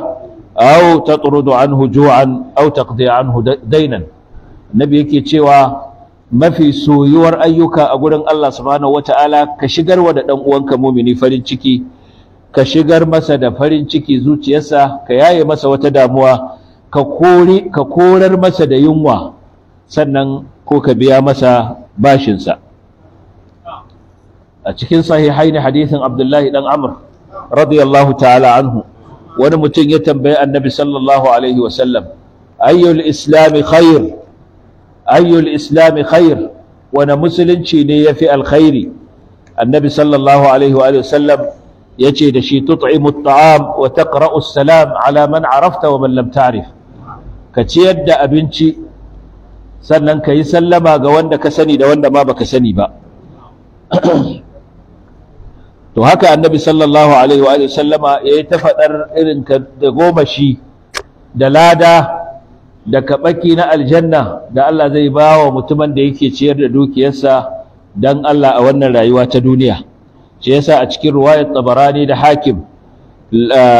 aw tatrudu anhu ju'an aw taqdi anhu daynan nabi yake cewa mafi soyuwar ayyuka a gurin Allah subhanahu wata'ala ka shigar wa da dan uwanka mumini farin ciki ka shigar masa da farin ciki zuciyarsa ka yaye masa wata damuwa ka korar masa da yunwa sannan ko ka biya masa bashinsa a cikin sahihai hadithin abdullahi dan Amar radiyallahu ta'ala anhu wani mutum ya tambayi annabi sallallahu alaihi wasallam ayyul islami khair ayyul islami khair wani musulunci ne ya fi alkhairi annabi sallallahu alaihi wasallam ya ce da shi tut'imu at'am wa taqra'u salam ala man arafta wa man lam ta'rif ka ciyar da abinci sannan ka yi sallama ga wanda ka sani da wanda ma baka sani ba to haka annabi sallallahu alaihi wa sallama ya yi ta faɗar irin da goma shi da lada da kaɓaki na aljanna da Allah zai ba wa mutumin da yake ciyar da dukiyarsa don Allah a wannan rayuwa ta duniya shi yasa a cikin ruwayar tabarani da hakim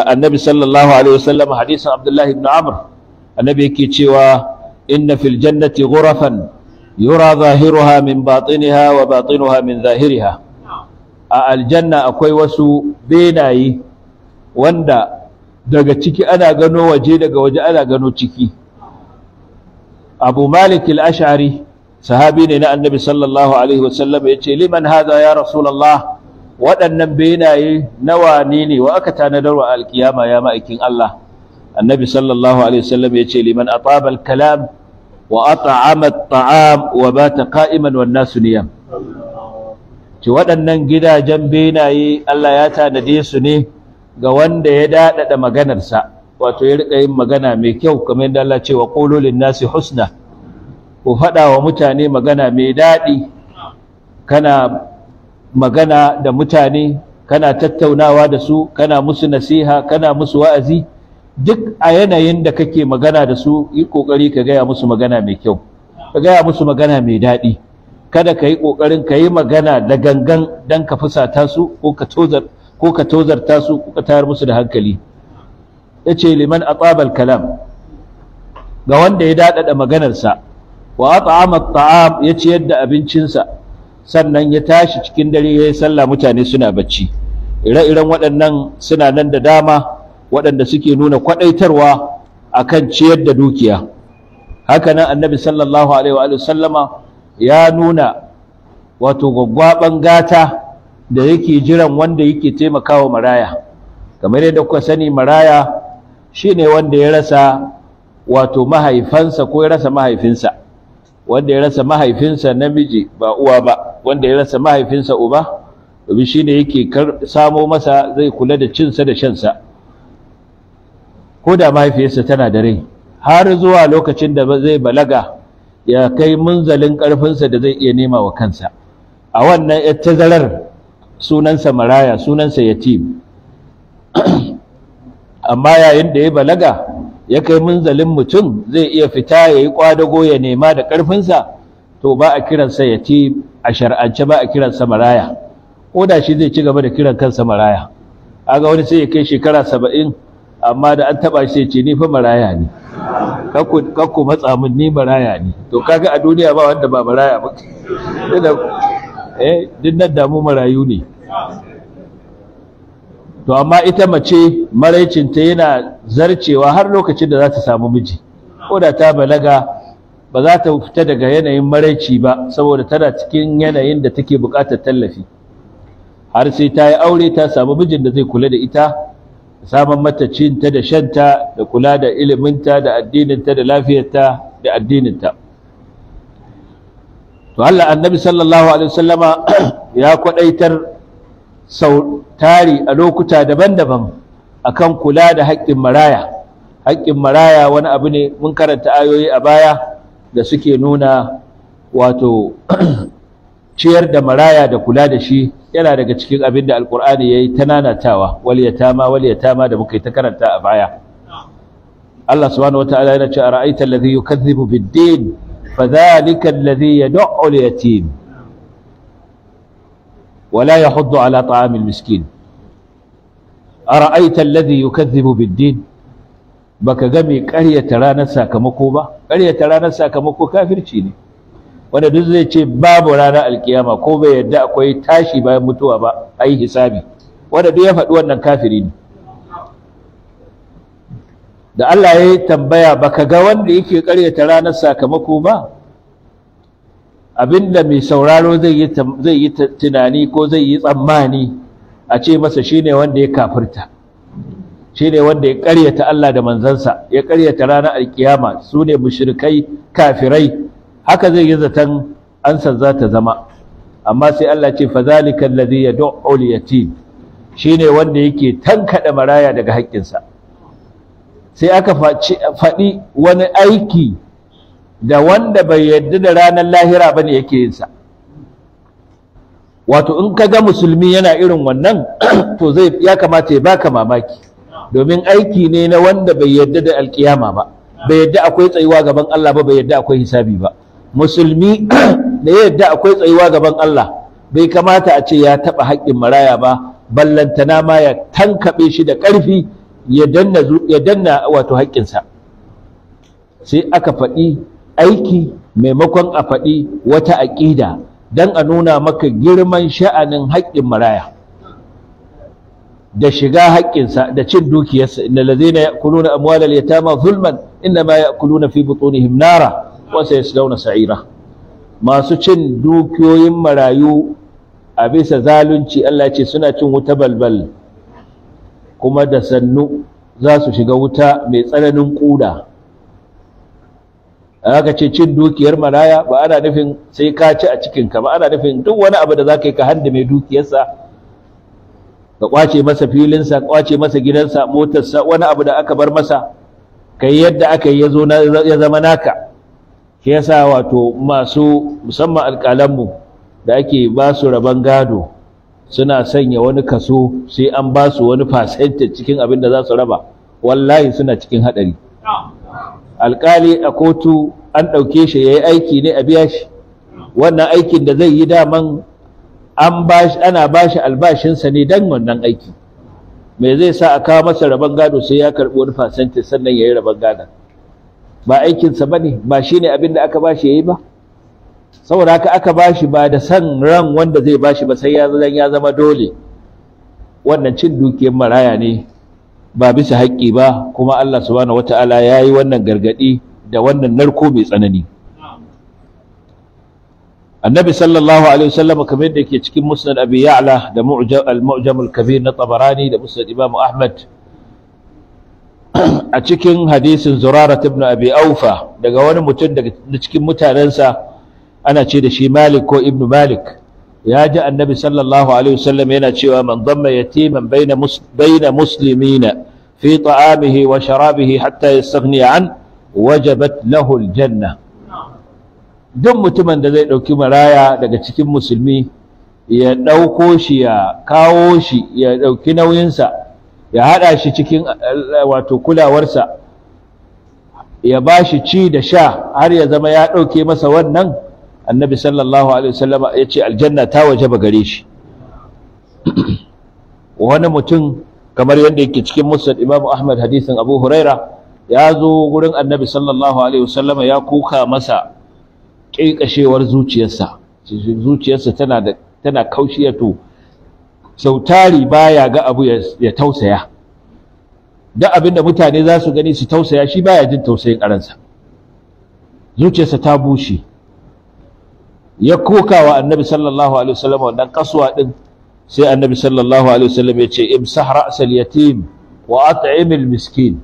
annabi sallallahu alaihi wasallam hadisin abdullahi ibn amr annabi yake cewa inna fil jannati ghurafan yura zahiruha min batiniha wa batinuha min zahiriha a aljanna akwai wasu benayi wanda daga ciki ana gano waje daga waje ana gano ciki abu malik al-ash'ari sahabi ne na annabi sallallahu alaihi wasallam liman haza ya rasulallah waɗannan benaye nawa ne ne wa aka tanadar wa alkiyama ya ma'aikin Allah annabi sallallahu alaihi wasallam yace liman ataba al-kalam wa at'ama taam wa bata qa'iman wan nasu niyam ci waɗannan gidajen benaye Allah ya tanade su ne ga wanda ya dadada maganarsa wato ya rika yin magana mai kyau kamar yadda Allah ce wa qulu lin-nasi husna ku faɗawa wa mutane magana mai daɗi kana magana da mutane kana tattaunawa da su kana musu nasiha kana musu wa'azi duk a yanayin da kake magana da su yi kokari ka gaya musu magana mai kyau ka gaya musu magana mai daɗi kada ka yi kokarin ka yi magana da gangan dan ka fusata su ko ka tozarta su ko ka tayar musu da hankali yace liman atabal kalam ga wanda ya daɗaɗa maganarsa wa at'ama at'am ya ciyar da abincinsa sannan ya tashi cikin dare ya yi sallah mutane suna bacci ire-iren waɗannan suna nan da dama waɗanda suke nuna kwaɗaitarwa a kan ciyar da dukiya Hakanan annabi sallallahu alaihi wa sallama ya nuna wato gwaggwaban gata da yake jiran wanda yake taimakawa maraya kamar yadda kuka sani maraya shine wanda ya rasa wato mahaifansa ko ya rasa mahaifinsa wanda ya rasa mahaifinsa namiji ba uwa ba wanda ya rasa mahaifinsa uba domin shine yake samo masa zai kula da cinsa da shansa ko da mahaifiyarsa tana da rai har zuwa lokacin da zai balaga ya kai munzalin ƙarfinsa da zai iya nema wa kansa a wannan ya tazarar sunansa maraya sunansa yatim amma yayin da ya balaga ya kai munzalin mutum zai iya fita ya yi ƙwadago ya nema da ƙarfinsa to ba a kiransa yatim a shar'ance ba a kiransa maraya ko da shi zai ci gaba da kiran kansa maraya aga wani sai ya kai shekara saba'in amma da an taba shi ce ni fa maraya ne kakku matsa min ni maraya ne to kaga a duniya ba wanda ba maraya ba eh duk nan damu marayu ne to amma ita mace maraicin ta yana zarcewa har lokacin da za ta samu miji ko da ta balaga ba za ta fita daga yanayin maraici ba saboda tana cikin yanayin da take buƙatar tallafi har sai ta yi aure ta samu mijin da zai kula da ita saman matacinta da shanta da kula da iliminta da addininta da lafiyarta da addininta to Allah annabi sallallahu alaihi wasallama ya kwadaitar sau tari a lokuta daban-daban akan kula da haƙƙin maraya haƙƙin maraya wani abu ne mun karanta ayoyi a baya da suke nuna wato ciyar da maraya da kula da shi yana daga cikin abin da alkur'ani ya yi ta nanatawa wal yatama wal yatama da muka yi ta karanta a baya Allah subhanahu wataala yana cewa ra'aita alladhi yukaththibu bid-din fa dhalika alladhi yad'u al-yatim wa la yahuddu ala ta'am al-miskin ara'aita alladhi yukaththibu bid-din baka ga mai ƙaryata ranar sakamako ba ƙaryata ranar sakamako kafirci ne wanda duk zai ce babu ranar alkiyama ko bai yadda akwai tashi bayan mutuwa ba ai hisabi wanda duk ya faɗi wannan kafiri ne da Allah ya yi tambaya ka ga wanda yake karyata ranar sakamako ba abinda mai sauraro zai yi tunani ko zai yi tsammani a ce masa shine wanda ya kafirta shine wanda ya karyata Allah da manzansa ya karyata ranar alkiyama su ne mushrikai kafirai haka zai yi zaton ansar za ta zama amma sai Allah ce fa zalika ya yad'u yatim shine wanda yake tankada maraya daga haƙƙinsa sai aka faɗi wani aiki da wanda bai yarda da ranar lahira bane yake yin sa wato in ka ga musulmi yana irin wannan to zai ya kamata ya baka mamaki domin aiki ne na wanda bai yarda da alkiyama ba bai yarda akwai tsayuwa gaban Allah ba bai yarda akwai hisabi ba musulmi da yadda akwai tsayuwa gaban Allah bai kamata a ce ya taɓa haƙƙin maraya ba ballantana ma ya tankaɓe shi da ƙarfi ya danna wato haƙƙinsa sai aka faɗi aiki maimakon a faɗi wata aƙida don a nuna maka girman sha'anin haƙƙin maraya da shiga haƙƙinsa da cin dukiyarsa inna lazina ya'kuluna amwalal yatama zulman inna ma ya'kuluna fi butunihim nara wasa yasdauna sa'ira masu cin dukiyoyin marayu a bisa zalunci Allah ce suna cin wuta balbal kuma da sannu za su shiga wuta mai tsananin kuda aka ce cin dukiyar maraya ba ana nufin sai ka ci a cikinka ba ana nufin duk wani abu da za ka yi ka handa mai dukiyarsa ka kwace masa filinsa ka kwace masa gidansa motarsa wani abu da aka bar masa ka yi yadda aka yi ya zama naka shi yasa wato masu musamman alƙalanmu da ake ba su rabon gado suna sanya wani kaso sai an ba su wani percentage cikin abin da za su raba wallahi suna cikin haɗari alƙali a kotu an ɗauke shi ya yi aiki ne a biya shi wannan aikin da zai yi daman ana ba shi albashinsa ne don wannan aiki mai zai sa a kawo masa rabon gado sai ya karɓi wani fasanti sannan ya yi rabon gadon ba aikinsa ba ne ba shi ne abin da aka ba shi ya yi ba saboda haka aka ba shi ba da san ran wanda zai ba shi ba sai ya zama dole wannan cin dukiyar maraya ne ba bisa haƙƙi ba kuma Allah subhanahu wata'ala ya yi wannan gargaɗi da wannan narko mai tsanani annabi sallallahu alaihi wasallam kamar yadda yake cikin musnad abi ya'la da al-mu'jam al-kabir na tabarani da musnad imam ahmad a cikin hadisin zurarat ibn abi aufa daga wani mutum daga cikin mutanensa ana ce da shi malik ko ibn malik ya ji annabi sallallahu alaihi wasallam yana cewa man dhamma yatiman baina baina muslimina fi ta'amihi wa sharabihi hatta yastaghni an wajabat lahu aljanna duk mutumin da zai dauki maraya daga cikin musulmi ya dauko shi ya kawo shi ya dauki nauyinsa ya haɗa shi cikin eh, wato kulawarsa ya ba shi ci da sha har ya zama ya ɗauke masa wannan annabi sallallahu alaihi wasallam ya ce aljanna ta waje ba gare shi wani mutum kamar yadda yake cikin musnad imam ahmad hadisin abu huraira ya zo gurin annabi sallallahu alaihi wasallam ya kuka masa ƙiƙashewar zuciyarsa zuciyarsa tana kaushi tana sautari baya ga abu ya tausaya Da abin da mutane za su gani su tausaya shi baya jin tausayin karansa zuciyarsa ta bushe ya koka wa annabi sallallahu alaihi wasallam wannan kasuwa din sai annabi sallallahu alaihi wasallam ya ce imsah ra'sal yatim wa at'imil miskin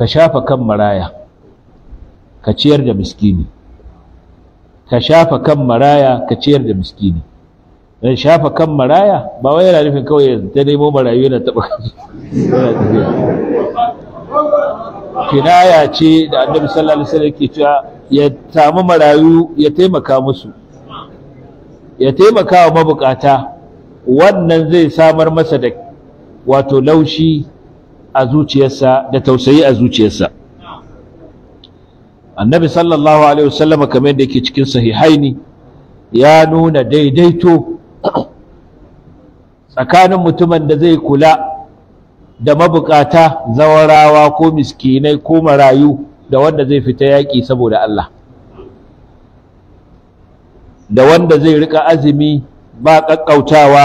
ka shafa kan maraya ka ciyar da miskini ka shafa kan maraya ka ciyar da miskini dan shafa kan maraya ba wai yana nufin kawai ta nemo marayu yana taba kansu kinaya ce da annabi sallallahu alaihi wasallam ke cewa ya samu marayu ya taimaka musu ya taimaka wa mabukata wannan zai samar masa da wato laushi a zuciyarsa da tausayi a zuciyarsa annabi sallallahu alaihi wasallam kamar yadda yake cikin sahihaini ya nuna daidaito tsakanin mutumin da zai kula da mabukata zawarawa ko miskinai ko marayu da wanda zai fita yaƙi saboda Allah da wanda zai rika azumi ba ƙaƙƙautawa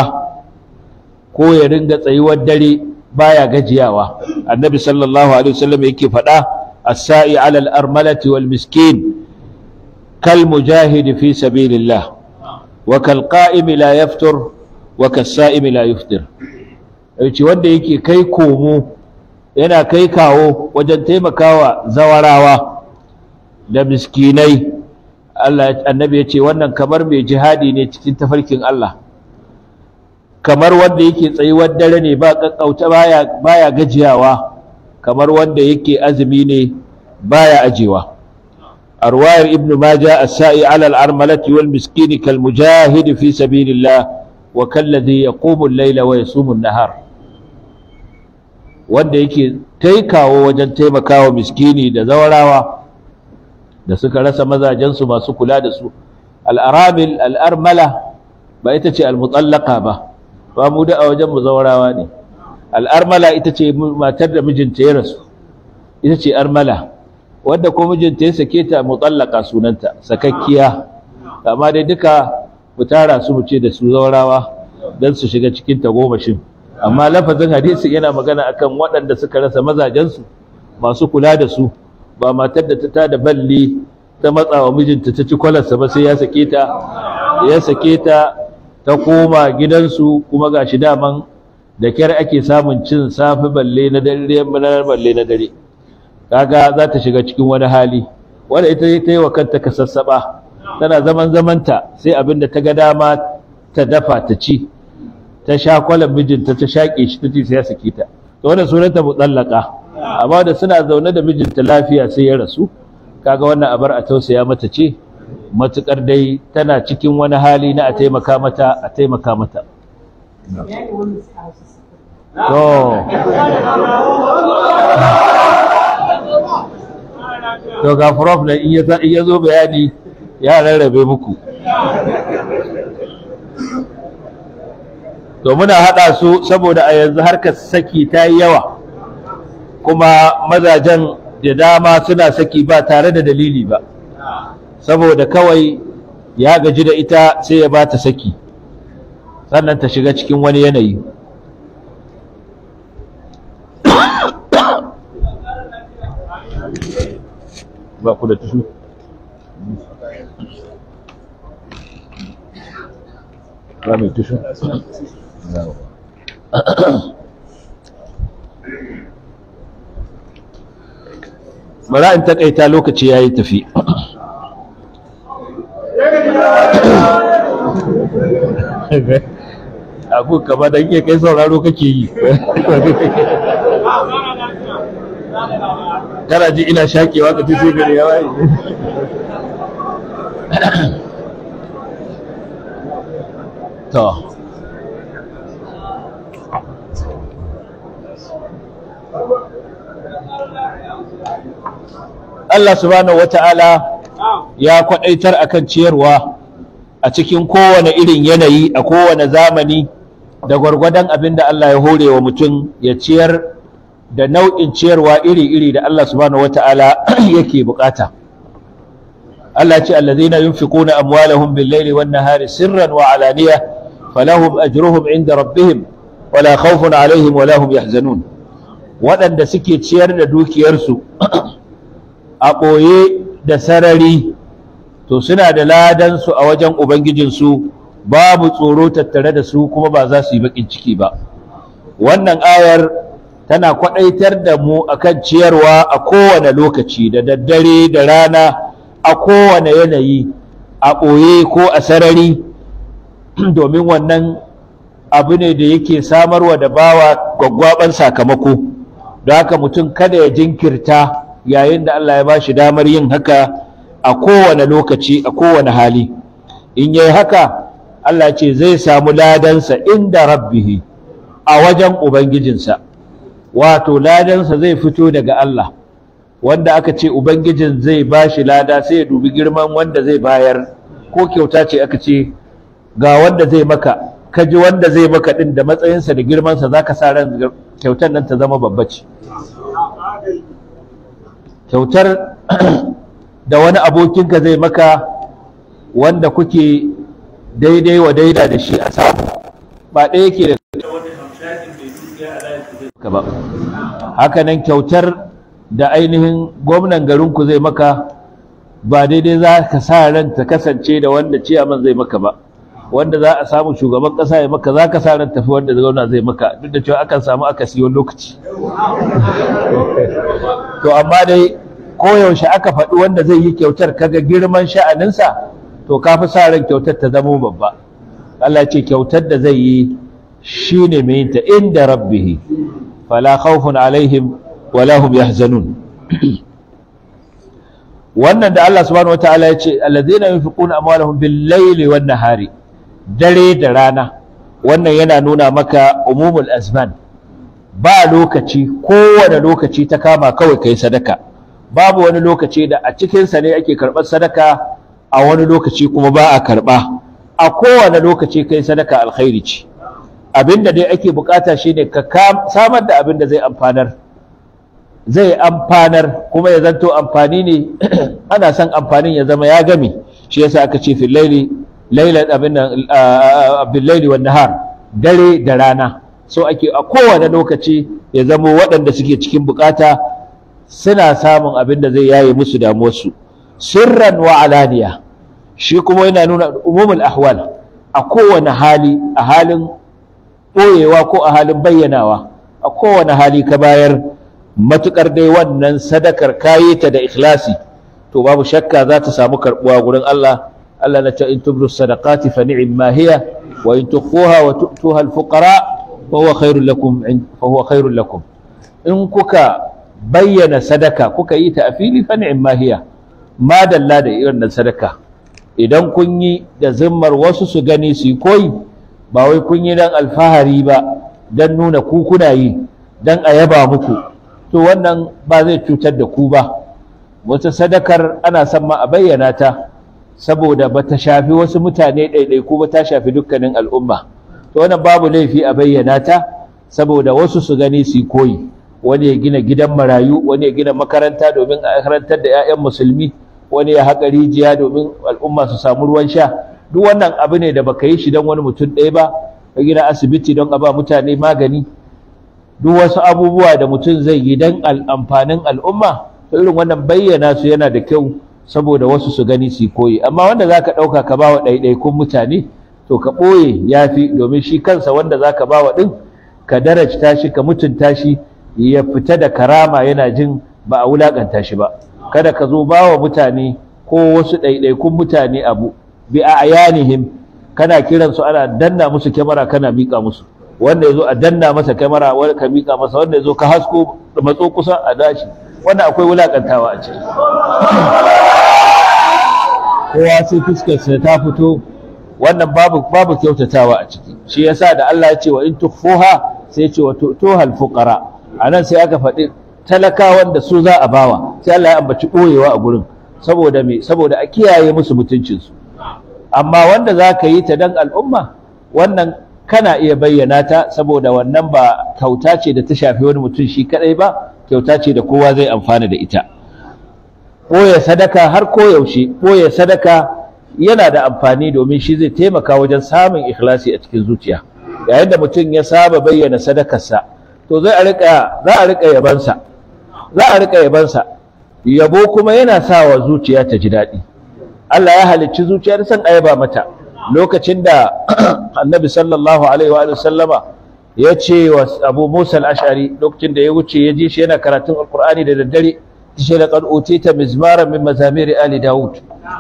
ko ya ringa tsayuwar dare baya gajiyawa annabi sallallahu alaihi wasallam yake faɗa as-sa'i 'ala al-armalati wal miskin kal mujahidi fi sabilillah wa kal qa'imi la yaftur wa kasa'imi la yuftir yace wanda yake kai komo yana kai kawo wajen taimakawa zawarawa da miskinai Allah annabi yace wannan kamar mai jihadi ne cikin tafarkin Allah kamar wanda yake tsayuwar dare ne ba kakkauta baya baya gajiyawa kamar wanda yake azumi ne baya ajewa arwayar ibnu majah as-sa'i ala al-armalati wal miskini kal mujahidi fi sabilillah wa kalladhi yaqumu al-laila wa yasumu an-nahar wanda yake taikawo wajen taimakawa miskini da zawarawa da suka rasa mazajensu masu kula da su al al'armala. ba ita ce al-mutallaqa ba ba mu da a wajen mu zawarawa ne Al'armala ita ce matar da mijinta ya rasu ita ce armala wanda ko mijinta ya sake ta mutallaqa sunanta sakakkiya amma dai duka mu tara su mu ce da su zaurawa don su shiga cikin tagomashin amma lafazin hadisi yana magana akan waɗanda suka rasa mazajensu masu kula da su ba matar da ta tada balli ta matsa wa mijinta ta ci kwalarsa ba sai ya sake ta ya sake ta ta koma gidansu kuma gashi daman da kyar ake samun cin safi balle na dare balle na dare kaga za ta shiga cikin wani hali wanda ita ta yi wa kanta sassaɓa. tana zaman zamanta sai abin da ta ga dama ta dafa ta ci ta sha kwalan mijinta ta shaƙe shi ta ci sai ya saki ta to wannan sunanta mutsallaka amma da suna zaune da mijinta lafiya sai ya rasu kaga wannan abar a tausaya mata ce matukar dai tana cikin wani hali na a taimaka mata a taimaka mata to to ga prof in ya zo bayani ya rarrabe muku to muna haɗa su saboda a yanzu harkar saki ta yi yawa kuma mazajen da dama suna saki ba tare da dalili ba saboda kawai ya gaji da ita sai ya ba ta saki sannan ta shiga cikin wani yanayi ba ku da tushe Ramin tushen? Bara in taƙaita lokaci ya yi tafi. Abu kama da yake kai sauraro kake yi. Kana ji ina shaƙewa ka ci sai gari ya waye. Allah subhanahu wata'ala ya kwadaitar akan ciyarwa a cikin kowane irin yanayi a kowane zamani da gwargwadon abin da Allah ya hore wa mutum ya ciyar da nau'in ciyarwa iri-iri da Allah subhanahu wata'ala yake bukata Allah ce allazina yunfiquna amwalahum bil-laili wan-nahari sirran wa alaniya falahum ajruhum inda rabbihim wala khawfun alaihim wala hum yahzanun waɗanda suke ciyar da dukiyarsu a ɓoye da sarari to suna da ladansu a wajen ubangijinsu babu tsoro tattare da su kuma ba za su yi bakin ciki ba wannan ayar tana kwaɗaitar da mu akan ciyarwa a kowane lokaci da daddare da rana a kowane yanayi a ɓoye ko a sarari domin wannan abu ne da yake samarwa da bawa gwaggwaban sakamako da haka mutum kada ya jinkirta yayin da Allah ya ba shi damar yin haka a kowane lokaci a kowane hali in yi haka Allah ce zai samu ladansa inda rabbihi a wajen ubangijinsa wato ladansa zai fito daga Allah wanda aka ce ubangijin zai ba shi lada sai ya dubi girman wanda zai bayar ko kyauta ce aka ce ga wanda zai maka kaji wanda zai maka din da matsayinsa da girmansa za ka sa ran kyautar nan ta zama babba ce kyautar da wani abokinka zai maka wanda kuke daidai wa daida da shi a samu ba ɗaya yake da ba haka nan kyautar da ainihin gwamnan garinku zai maka ba daidai za ka sa ran ta kasance da wanda ciyaman zai maka ba wanda za a samu shugaban kasa ya maka za ka sa ran tafi wanda zauna zai maka duk da cewa akan samu aka siyo lokaci to amma dai koyaushe aka faɗi wanda zai yi kyautar kaga girman sha'aninsa to ka fi sa ran kyautar ta zamo babba Allah ce kyautar da zai yi shine ne mai ta inda rabbihi fala khawfun alaihim wala hum yahzanun wannan da Allah subhanahu wataala ya ce allazina yunfiquna amwalahum bil-laili wan-nahari dare da rana wannan yana nuna maka umumul azman ba lokaci kowane lokaci ta kama kawai kai sadaka babu wani lokaci da a cikinsa ne ake karɓar sadaka a wani lokaci kuma ba a karɓa a kowane lokaci kai sadaka alkhairi ce abinda dai ake bukata shine ka samar da abin da zai amfanar zai amfanar kuma ya zanto amfani ne ana son amfanin ya zama ya gami shi yasa aka ce fil laili lailan abdullahi wa nahar dare da rana so ake a kowane lokaci ya zamo waɗanda suke cikin bukata suna samun abin da zai yaye musu damuwarsu sirran wa alaniya shi kuma yana nuna umumul ahwal a kowane hali a halin ɓoyewa ko a halin bayyanawa a kowane hali ka bayar matukar dai wannan sadakar kayeta da ikhlasi to babu shakka za ta samu karɓuwa gurin Allah Allah na ce in tubdu sadaqati fa ni'ma hiya wa in tukhuha wa tu'tuha al-fuqara fa huwa khairul lakum fa huwa khairul lakum in kuka bayyana sadaka kuka yi ta a fili fa ma hiya ma dalla da irin sadaka idan kun yi da zimmar wasu su gani su yi koyi ba wai kun yi dan alfahari ba dan nuna ku kuna yi dan a yaba muku to wannan ba zai cutar da ku ba wata sadakar ana son ma a bayyana ta saboda ba ta shafi wasu mutane ko ba ta shafi dukkanin al'umma to wannan babu laifi a bayyana ta saboda wasu su gani su koyi wani ya gina gidan marayu wani ya gina makaranta domin a karantar da 'ya'yan musulmi wani ya haƙa rijiya domin al'umma su samu ruwan sha duk wannan abu ne da baka yi shi don wani mutum ɗaya ba ka gina asibiti don a ba mutane magani duk wasu abubuwa da mutum zai yi don amfanin al'umma irin wannan bayyana su yana da kyau saboda wasu su gani su koyi amma wanda zaka dauka ka bawa ɗaiɗaikun mutane to ka ɓoye yafi domin shi kansa wanda zaka bawa din ka darajta tashi, ka mutunta shi ya fita da karama yana jin ba a wulakanta shi ba kada ka zo bawa mutane ko wasu ɗaiɗaikun mutane abu bi a ayanihim kana kiran su ana danna musu kyamara kana miƙa musu wanda ya a danna masa kyamara wanda ka miƙa masa wanda ya ka hasko matso kusa a dashi wanda akwai wulakantawa a ciki kowa sai fuskarsa ta fito wannan babu babu kyautatawa a ciki shi yasa da Allah ya ce wa in tufuha sai ya ce wa tu'tuhal fuqara anan sai aka faɗi talaka wanda su za a bawa sai Allah ya ambaci ɓoyewa a gurin saboda me saboda a kiyaye musu mutuncin su amma wanda za ka yi ta dan al'umma wannan kana iya bayyana ta saboda wannan ba kyauta ce da ta shafi wani mutum shi kadai ba kyauta ce da kowa zai amfana da ita ɓoye sadaka har koyaushe ɓoye sadaka yana da amfani domin shi zai taimaka wajen samun ikhlasi a cikin zuciya yayin da mutum ya saba bayyana sadakarsa to zai rika za a rika yabansa za a rika yabansa yabo kuma yana sawa zuciya ta ji daɗi Allah ya halicci zuciya da san ayaba mata lokacin da annabi sallallahu alaihi wa sallama ya ce wa abu musa al-ash'ari lokacin da ya wuce ya ji shi yana karatun alkur'ani da daddare shi da ƙar'ote ta mizmaran min mazamiri ali dawud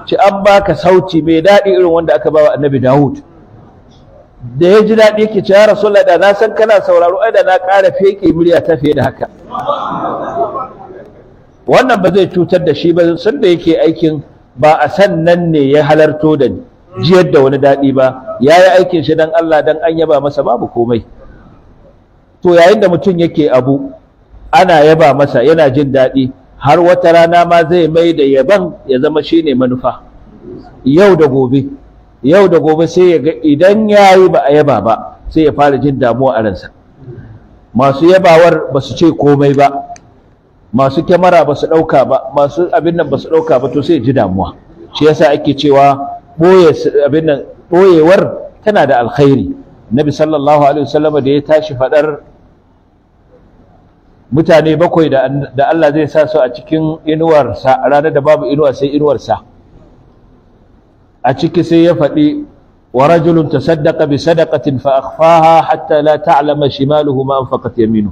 ci an baka sauti mai daɗi irin wanda aka ba wa annabi dawud da ya ji daɗi ci cewa rasulullah da na san kana sauraro ai da na ƙara feƙe murya ta fiye da haka wannan ba zai cutar da shi ba sun da yake aikin ba a sannan ne ya halarto da jiyar da wani daɗi ba ya yi aikin shi don allah don an yaba masa babu komai to yayin da mutum yake abu ana yaba masa yana jin daɗi har wata rana ma zai mai da yaban ya zama shine manufa yau da gobe yau da gobe sai ya ga idan ya yi ba a yaba ba sai ya fara jin damuwa a ransa masu yabawar ba su ce komai ba masu kyamara ba su ɗauka ba masu abin nan ba su ɗauka ba to sai ji damuwa shi yasa ake cewa abin nan ɓoyewar tana da alkhairi nabi sallallahu alaihi wasallam da ya tashi faɗar mutane bakwai da Allah zai sa su a cikin inuwarsa ranar da babu inuwa sai inuwarsa a ciki sai ya faɗi wa rajulun tasaddaqa bi sadaqatin fa akhfaha hatta la ta'lama shimaluhu ma anfaqat yaminu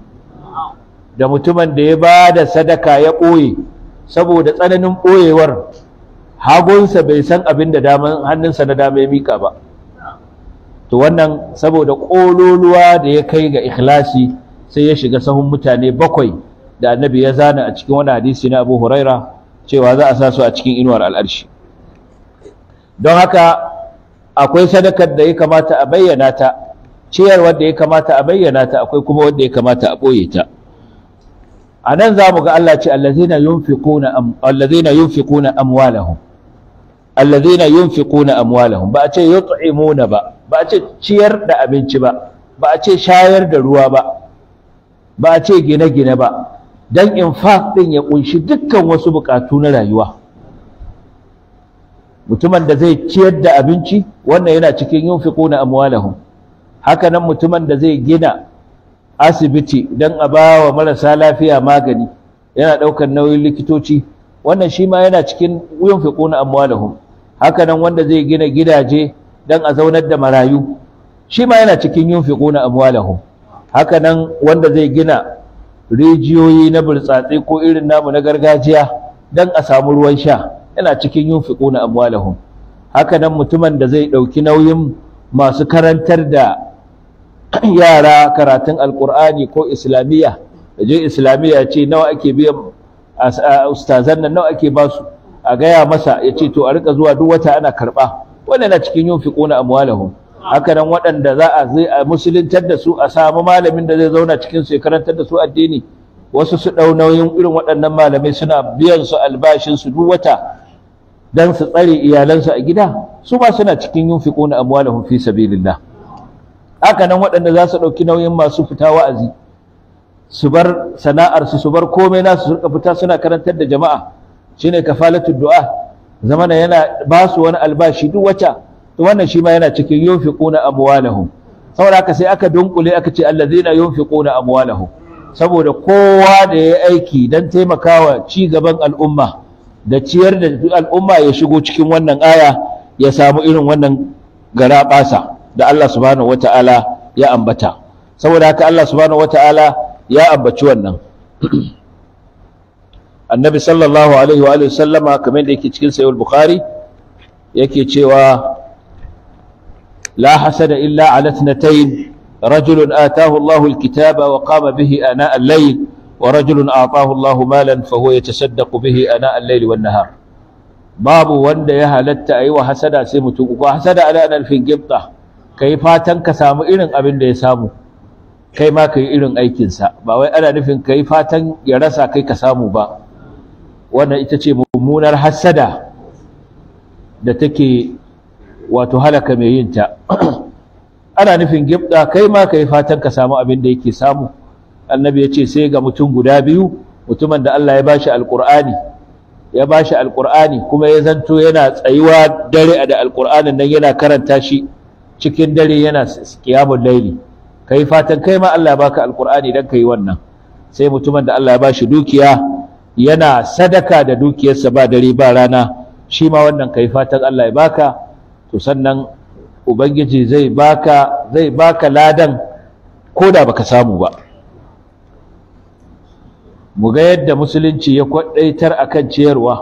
da mutumin da ya bada sadaka ya ɓoye saboda tsananin ɓoyewar hagunsa bai san abin da daman hannunsa na dama ya mika ba to wannan saboda ƙololuwa da ya kai ga ikhlasi sai ya shiga sahun mutane bakwai da annabi ya zana a cikin wani hadisi na abu huraira cewa za a sa su a cikin inuwar al'arshi don haka akwai sadakar da ya kamata a bayyana ta ciyar da ya kamata a bayyana ta akwai kuma wanda ya kamata a ɓoye ta a nan za mu ga Allah ce allazina yunfiquna amwalahum allazina yunfiquna ba a ce yut'imuna ba ba a ce ciyar da abinci ba ba a ce shayar da ruwa ba ba a ce gine-gine ba don infaq ɗin ya ƙunshi dukkan wasu buƙatu na rayuwa mutumin da zai ciyar da abinci wannan yana cikin yin yunfiquna amwalahum haka nan mutumin da zai gina asibiti don a ba wa marasa lafiya magani yana ɗaukar nauyin likitoci wannan shi ma yana cikin yin yunfiquna amwalahum haka nan wanda zai gina gidaje don a zaunar da marayu shi ma yana cikin yin na amwalahun haka nan wanda zai gina rijiyoyi na burtsatse ko irin namu na gargajiya don a samu ruwan sha yana cikin yin fiƙuna amwalahum haka nan mutumin da zai ɗauki nauyin masu karantar da yara karatun alƙur'ani ko islamiyya da je islamiyya ce nawa ake biyan ustazan nan nawa ake basu a gaya masa ya ce to a rika zuwa duk wata ana karɓa wannan yana cikin yin a amwalahum haka nan waɗanda za a musuluntar da su a samu malamin da zai zauna cikin su ya karantar da su addini wasu su ɗau nauyin irin waɗannan malamai suna biyan su albashin su duk wata dan su tsare iyalansu a gida su ba suna cikin yunfiquna amwalahum fi sabilillah haka nan waɗanda za su ɗauki nauyin masu fita wa'azi su bar sana'ar su bar komai nasu su rika fita suna karantar da jama'a shine kafalatu du'a zamana yana ba su wani albashi duk wata to wannan shi ma yana cikin yunfiquna amwalahum saboda haka sai aka dunkule aka ce allazina yunfiquna amwalahum saboda kowa da ya aiki dan taimakawa ci gaban al'umma da ciyar da al'umma ya shigo cikin wannan aya ya samu irin wannan gara basa da Allah subhanahu wataala ya ambata saboda haka Allah subhanahu wataala ya ambaci wannan annabi sallallahu alaihi wa sallama kamar da yake cikin sahih bukhari yake cewa لا حسد إلا على اثنتين رجل آتاه الله الكتاب وقام به آناء الليل ورجل أعطاه الله مالا فهو يتصدق به آناء الليل والنهار باب وند يهلت أيوة حسد سيمتو وحسد على أن في قبطة كيف تنكسام إلن أبن يسامو kai ma ka yi irin aikinsa ba wai ana nufin ka yi fatan ya rasa kai ka samu ba wannan ita ce mummunar hassada da take wato halaka mai yin ta ana nufin gibda kai ma kai fatan ka samu abin da yake samu annabi ya ce sai ga mutum guda biyu mutumin da Allah ya bashi alqur'ani ya bashi alqur'ani kuma ya zanto yana tsayuwa dare da alqur'anin nan yana karanta shi cikin dare yana qiyamul laili kai fatan kai ma Allah ya baka alqur'ani dan kai wannan sai mutumin da Allah ya bashi dukiya yana sadaka da dukiyarsa ba dare ba rana shi ma wannan kai fatan Allah ya baka to sannan ubangiji zai baka zai baka ladan ko da baka samu ba mu ga yadda musulunci ya kwadaitar akan ciyarwa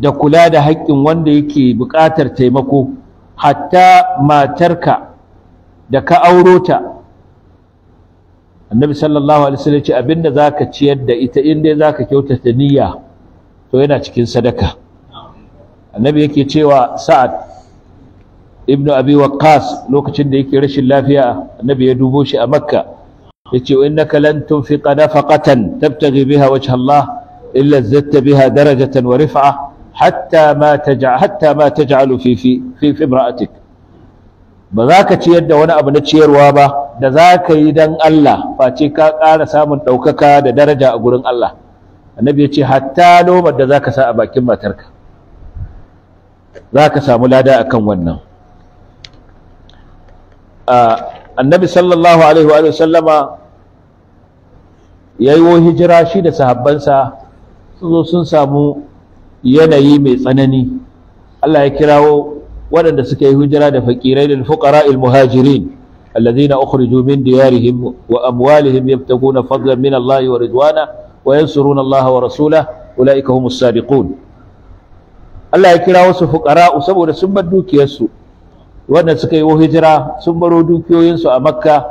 da kula da haƙƙin wanda yake buƙatar taimako hatta matarka da ka auro ta annabi sallallahu alaihi wasallam ce abinda zaka ciyar da ita in dai zaka kyautata niyya to yana cikin sadaka annabi yake cewa sa'ad ibnu abi waqqas lokacin da yake rashin lafiya annabi ya dubo shi a makka yace innaka lan tunfiqa nafaqatan tabtaghi biha wajha Allah illa zatta biha darajatan wa rif'a hatta ma taj'a hatta ma taj'alu fi fi fi imra'atik ba za ka ciyar da wani abu na ciyarwa ba da za ka yi dan Allah face ka ƙara samun ɗaukaka da daraja a gurin Allah annabi ya ce hatta lomar da za ka sa a bakin matarka za ka samu lada a kan wannan annabi sallallahu alaihi wa sallama ya yi hijira shi da sahabbansa su zo sun samu yanayi mai tsanani Allah ya kirawo waɗanda suka yi hijira da faƙirai da fuqara muhajirin الذين أخرجوا من ديارهم وأموالهم يبتغون فضلا من wa ورضوانه وينصرون الله ورسوله أولئك Allah ya kira wasu fuqara'u saboda sun bar dukiyarsu wanda suka yi hijira sun baro dukiyoyinsu a makka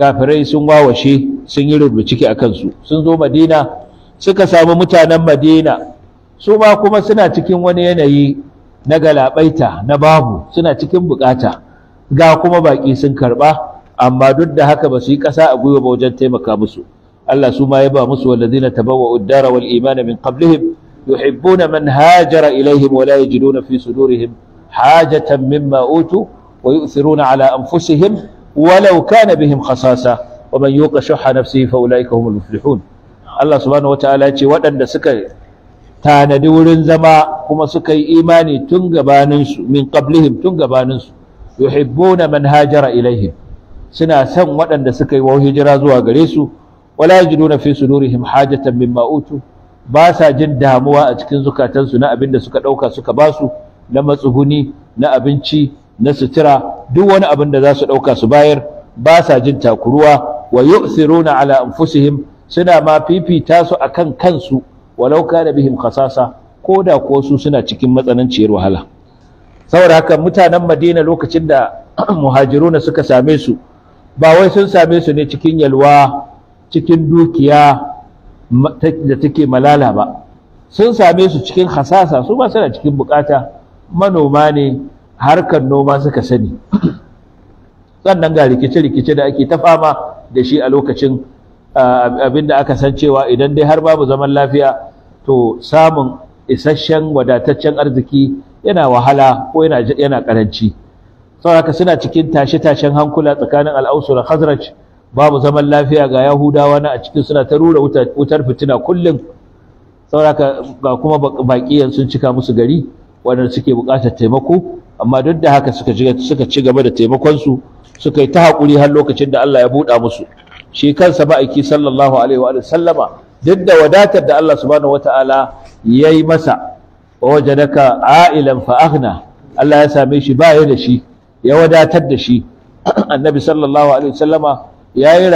kafirai sun wawashe sun yi rubuciki a kansu sun zo madina suka samu mutanen madina su ma kuma suna cikin wani yanayi na galabaita na babu suna cikin bukata ga kuma baki sun karba amma duk da haka ba su yi ƙasa a gwiwa ba wajen taimaka musu Allah su ma ya ba musu walladina tabawwa'u ad-dara wal iman min qablihim يحبون من هاجر إليهم ولا يجدون في صدورهم حاجة مما أوتوا ويؤثرون على أنفسهم ولو كان بهم خصاصة ومن يوق شح نفسه فأولئك هم المفلحون الله سبحانه وتعالى وأن سكي تانا دورن زما كما سكي إيماني تنقبانس من قبلهم تنقبانس يحبون من هاجر إليهم سنا سن وأن سكي وهجر زواغريس ولا يجدون في صدورهم حاجة مما أوتوا ba sa jin damuwa a cikin zukatansu na abin da suka ɗauka suka ba su na matsuguni na abinci na sutura duk wani abin da za su ɗauka su bayar ba sa jin takuruwa wa yu'thiruna ala anfusihim suna ma fifita su akan kansu walau da bihim khasasa ko da ko su suna cikin matsananciyar wahala saboda haka mutanen Madina lokacin da muhajiruna suka same su ba wai sun same su ne cikin yalwa cikin dukiya da take malala ba sun same su cikin hasasa su ba suna cikin bukata manoma ne harkar noma suka sani sannan ga rikice-rikice da ake ta fama da shi a lokacin abin da aka san cewa idan dai har babu zaman lafiya to samun isasshen wadataccen arziki yana wahala ko yana karanci haka suna cikin tashe-tashen hankula tsakanin al'ausu da khazraj babu zaman lafiya ga yahudawa na a cikin suna ta rura wutar fitina kullum sauraka ga kuma baƙiyan sun cika musu gari waɗanda suke buƙatar taimako amma duk da haka suka suka ci gaba da taimakonsu suka yi ta haƙuri har lokacin da Allah ya buɗa musu shi kansa ma'aiki sallallahu alaihi wa sallama duk da wadatar da Allah subhanahu wata'ala ya yi masa wa wajadaka a'ilan fa aghna Allah ya same shi ba ya da shi ya wadatar da shi annabi sallallahu alaihi wa sallama ya yi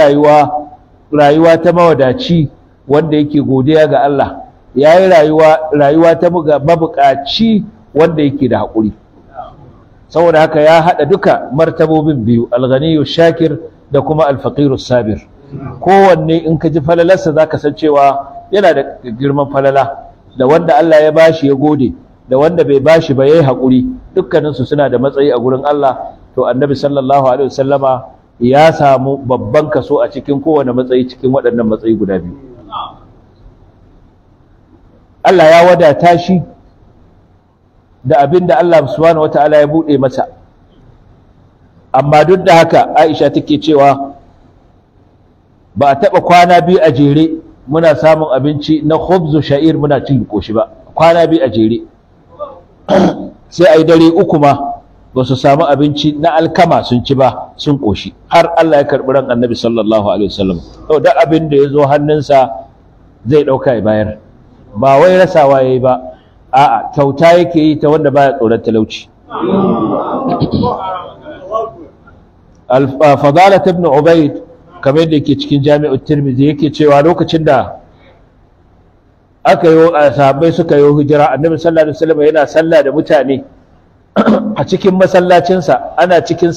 rayuwa ta mawadaci wanda yake godiya ga Allah ya yi rayuwa rayuwa ta mabukaci wanda yake da haƙuri saboda haka ya haɗa duka martabobin biyu alganiyu shakir da kuma alfaqiru sabir kowanne in ka ji falalarsa za ka san cewa yana da girman falala da wanda Allah ya bashi ya gode da wanda bai bashi ba yayi haƙuri dukkaninsu suna da matsayi a gurin Allah to annabi sallallahu alaihi wasallama ya samu babban kaso a cikin kowane matsayi cikin waɗannan matsayi guda biyu Allah ya wadata shi da abin da Allah subhanahu wata'ala ya buɗe masa amma duk da haka Aisha take cewa ba a taɓa kwana biyu a jere muna samun abinci na khubzu sha'ir muna cin koshi ba kwana biyu a jere sai a yi dare uku ma ba su samu abinci na alkama sun ci ba sun ƙoshi har Allah ya karɓi ran annabi sallallahu alaihi wasallam to da abin da ya zo hannunsa zai ɗauka ya bayar ba wai rasawa yayi ba a'a kyauta yake yi ta wanda baya tsoron talauci fadalat ibn ubayd kamar yadda yake cikin jami'ut tirmidhi yake cewa lokacin da aka yi sahabbai suka yi hijira annabi sallallahu alaihi wasallam yana sallah da mutane a cikin masallacinsa ana cikin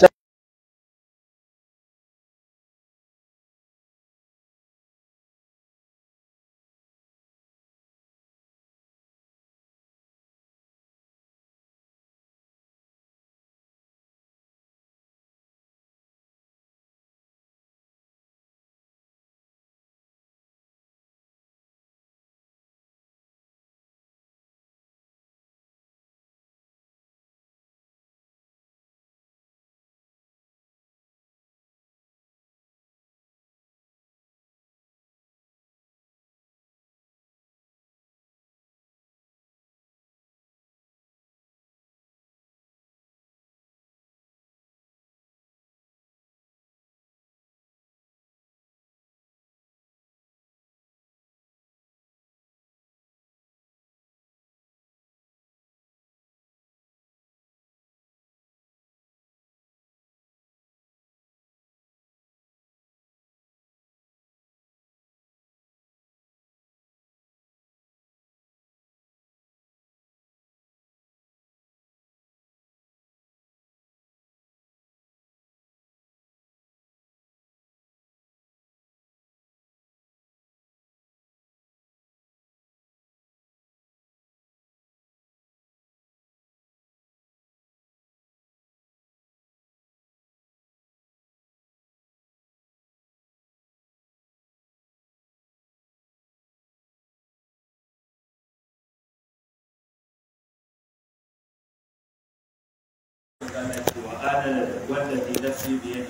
الذي بيده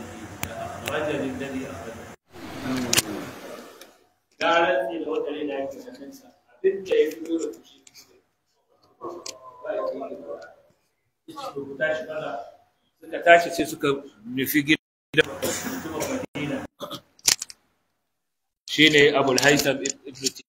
أخرجني الذي أخرجني قالت لي لو تريد أن تنسى أبدا يقول لك شيء suka tashi sai suka nufi gida shine abul haisam ibn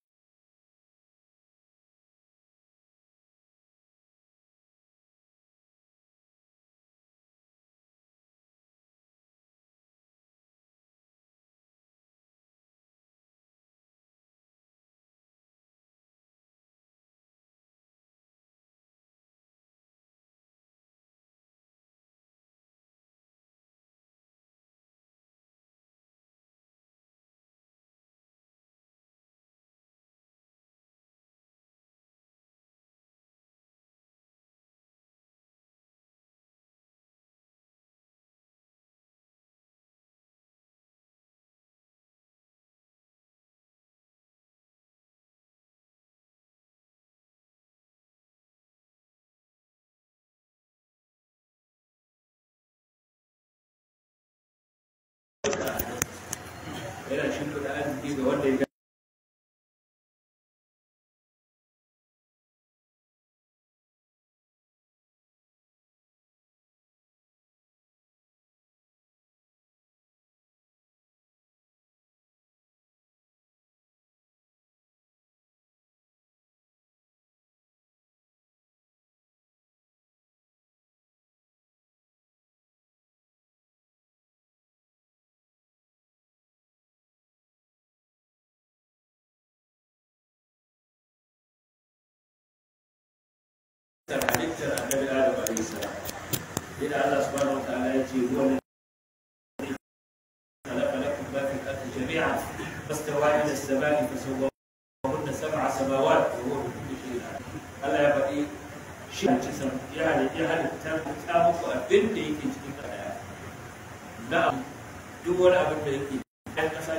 halittar annabi adam alaihi salam yana Allah subhanahu wa ta'ala ya ce huwa خلق لكم ما في الارض جميعا فاستوى الى السماء فسواهن سبع سماوات وهو بكل شيء عليم Allah ya faɗi shi a cikin ya halitta ta muku abin da yake cikin ɗaya na duk wani abin da yake ɗan ƙasa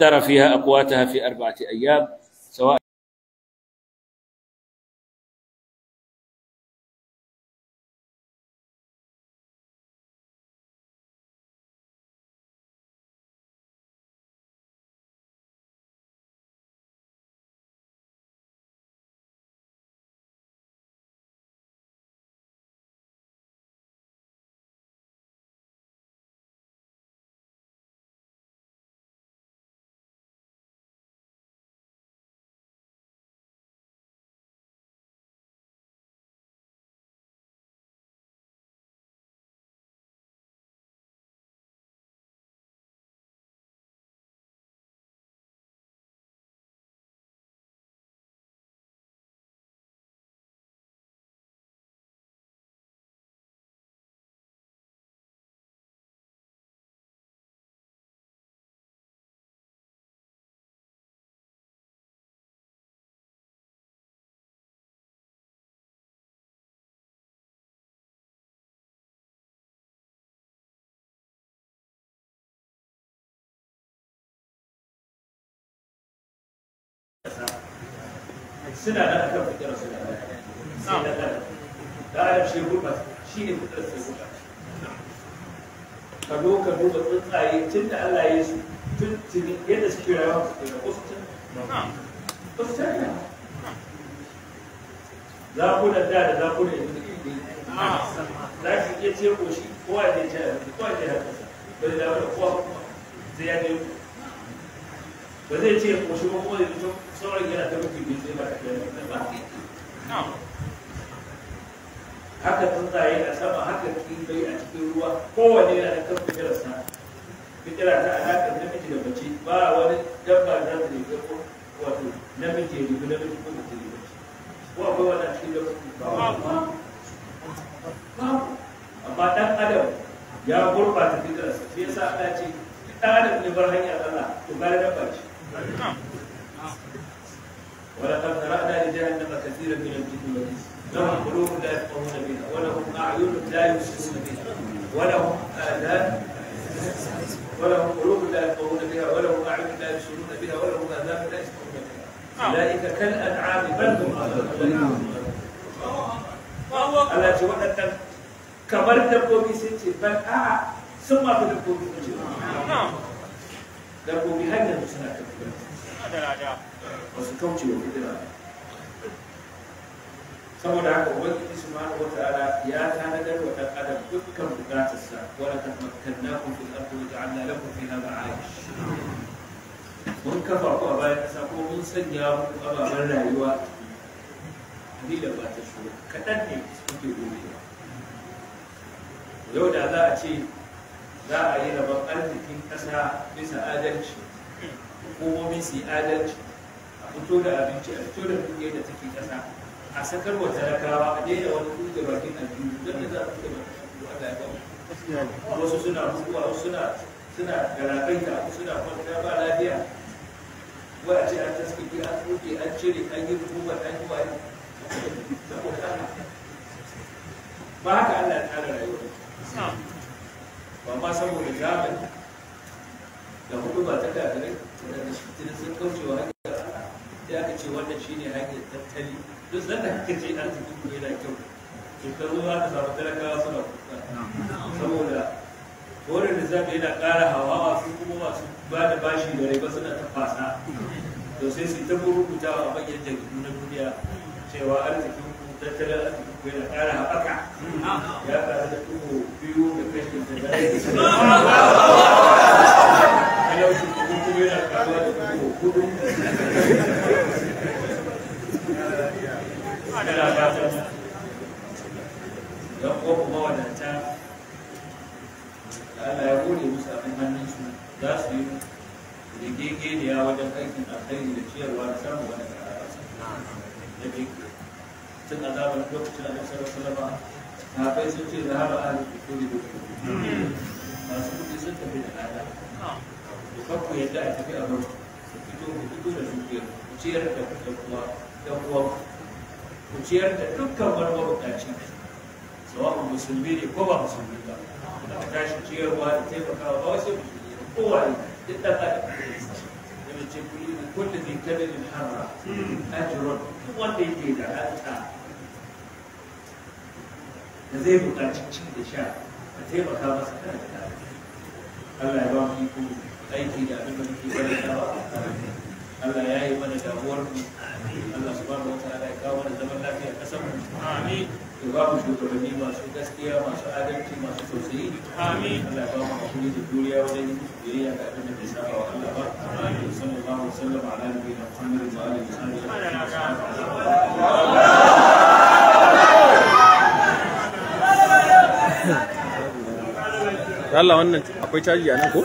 قدر فيها أقواتها في أربعة أيام سواء suna da akan fitar suna da sai na da da a ce ruba shi ne fitar sai ruba ka zo ka duba tsuntsaye tun da Allah ya yi su tun tuni yadda suke rayuwa su ke da wasu tun wasu tun ne za ku da da da za ku da yanzu ne za ki iya ce ko shi kowa ya ce kowa ya ce da kasa bai da kowa sai ya ne ba zai ce ko shi ba kowa ya ce sauran yana ta mutum ne sai ba ta kai ba haka tsuntsaye a sama haka bai a cikin ruwa kowane yana da kan fikirarsa fikira ta alaƙar namiji da mace ba wani dabba za ta riga ko wato namiji ya riga namiji ko mace ya riga ko akwai wani a cikin dabba ba wani amma ɗan adam ya gurɓata fikirarsa shi yasa ana ce ɗan adam ne bar hanyar Allah to gara dabba ce ولقد ذرأنا لجهنم كثيرا من الجن والإنس لهم قلوب لا يفقهون بها ولهم أعين لا يبصرون بها ولهم آذان ولهم قلوب لا يفقهون بها ولهم أعين لا يبصرون بها ولهم آذان لا يسمعون بها أولئك كالأنعام بل هم أضل ألا جوانا kamar dabbobi sun ce ban a'a sun ma fi dabbobi sun ce dabbobi har yanzu suna ba su kauce wa fitina saboda haka ubangiji subhanahu wataala ya tanadar wa dan adam dukkan bukatarsa wala tamakkannakum fil ardi wa ja'alna lakum fiha ma'ayish mun kafa ku a bayan kasa ko mun sanya ababen rayuwa kalilan ba ta shuru kaɗan ne suke gobe. yau da za a ce za a yi rabon arzikin ƙasa bisa adalci hukumomin su yi adalci fito da abinci a fito da kuɗi da take ƙasa a sakar wa talakawa a daina wani kuɗi da bakin aljihu don da za a fito da Allah ya kawo wasu suna mutuwa wasu suna suna galabaita suna kwanta ba lafiya wa a ce an taskiki an tsoke an cire an yi rubuwa an yi wani ba haka Allah ya tsara rayuwa ba ma saboda jami'a da hudu ba ta kafirai da shi sun kaucewa sai aka ce wannan shine hanyar tattali duk da kake ce arziki ko yana kyau shekaru za ka samu talakawa suna kuka saboda horin da zaɓe yana ƙara hawa su kuma masu ba da bashi da rai ba suna ta fasa to sai su ta rubuta a bakin jaridu na duniya cewa arzikin tattalin arziki ko yana ƙara haɓaka ya ƙara da ɗigo biyu da kashin da zai talauci kuma yana ƙara da ɗigo hudu muna fatan yan uwa ya bude musu abin hannun su za su yi da wajen aikin alkhairi da ciyarwa da samun wani ƙarara da lokacin kai sun ce masu sun tafi da yadda a tafi a bar ku fito ku ciyar da ku ciyar dukkan wani mabukaci sawa'un musulmi ne ko ba musulmi ba da tashi ciyarwa da taimakawa ba wasu musulmi ba kowa ne duk ɗan adam da kuma mace kuli da kulle zai kada da harra ajiyar duk wanda yake da hanta da zai buƙaci ci da sha a taimaka masa kada da Allah ya ba mu iko aiki da abin da muke gudanarwa Allah ya yi mana damuwar mu Allah subhanahu wataala ya kawo mana zaman lafiya kasar mu amin ya ba mu shugabanni masu gaskiya masu adalci masu tausayi amin Allah ya ba mu hakuri da juriya wajen biyayya ga abin da bai saba wa Allah ba amin sallallahu alaihi wasallam ala nabiyina Muhammad wa alihi wa sahbihi Allah wannan akwai caji a nan ko?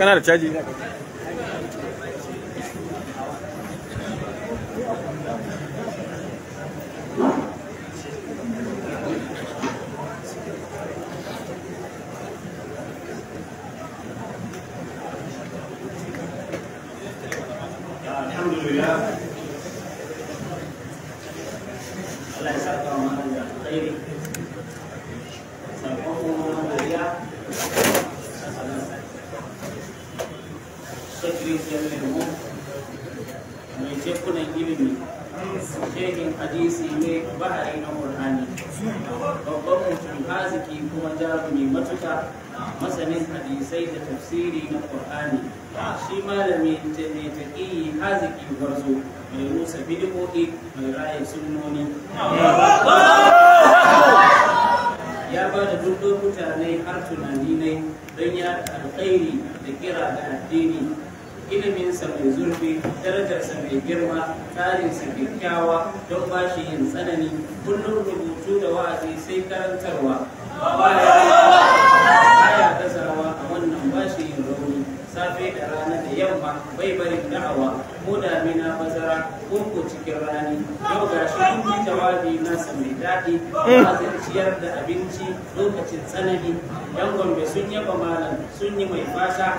kana da caji Thank you. shakirin jami'in mai tekunan ilimi shehin hadisi ne bahari na murhani babban mutum haziki kuma jarumi matuka masanin hadisai da tafsiri na ƙur'ani. shi malami ta ne taƙiyi haziki gwarzo mai rusa bidiyoyi mai raye sunnoni ya ba da dubban mutane har tunani ne don ya alkhairi da kira da addini iliminsa mai zurfi darajarsa mai girma tsarinsa kyakkyawa don ba shi yin tsanani kullum rubutu da wa'azi sai karantarwa baya kasarwa a wannan ba shi yin rauni safe da rana da yamma bai barin da'awa ko damina bazara ko ko cikin rani yau ga shi kun yi jawabi nasa mai daɗi ba ciyar da abinci lokacin tsanani yan gombe sun yaba malam sun yi mai fata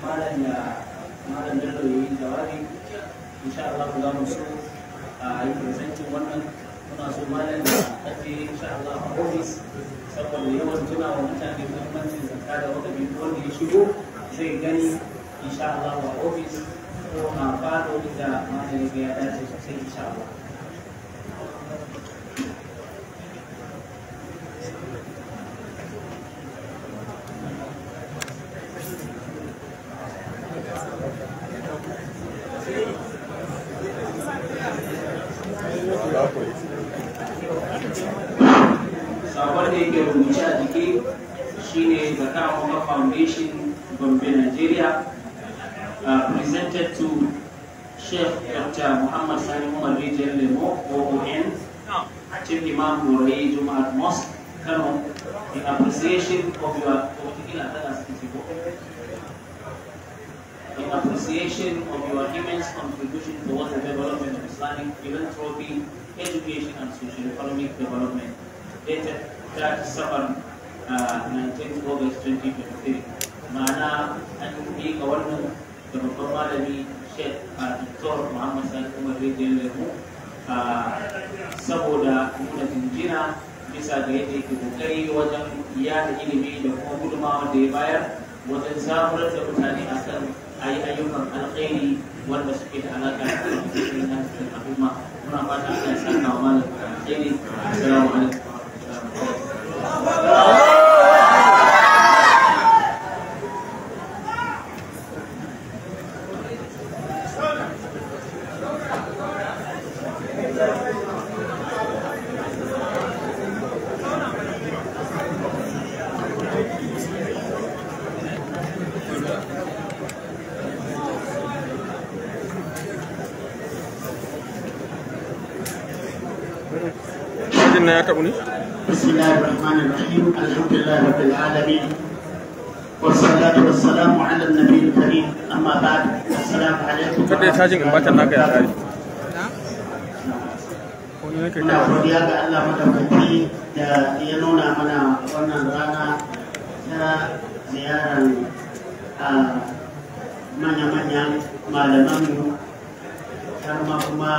malam ya malam da yi jawabi insha Allah za mu so a yi presentin wannan muna so malam ya kafe insha Allah a ofis saboda yawan tuna wa mutane muhimmancin zakka da wata bi wanda ya shigo zai gani insha Allah a ofis ko a fado da malam ya dace sosai insha Allah wajen da ilimi da kuma gudunmawa da ya bayar wajen zaburar da mutane a kan ayyukan alkhairi wanda suke da alaƙa da al'umma muna fata Allah ya saka wa malam alkhairi assalamu alaikum يكبني بسم الله الرحمن الرحيم الحمد لله رب العالمين والصلاة والسلام على النبي الكريم أما بعد السلام عليكم كده ساجن إن باكر ناكا يا كاري muna godiya ga Allah madaukaki da ya nuna mana wannan rana ta ziyarar manya-manyan malamanmu har ma kuma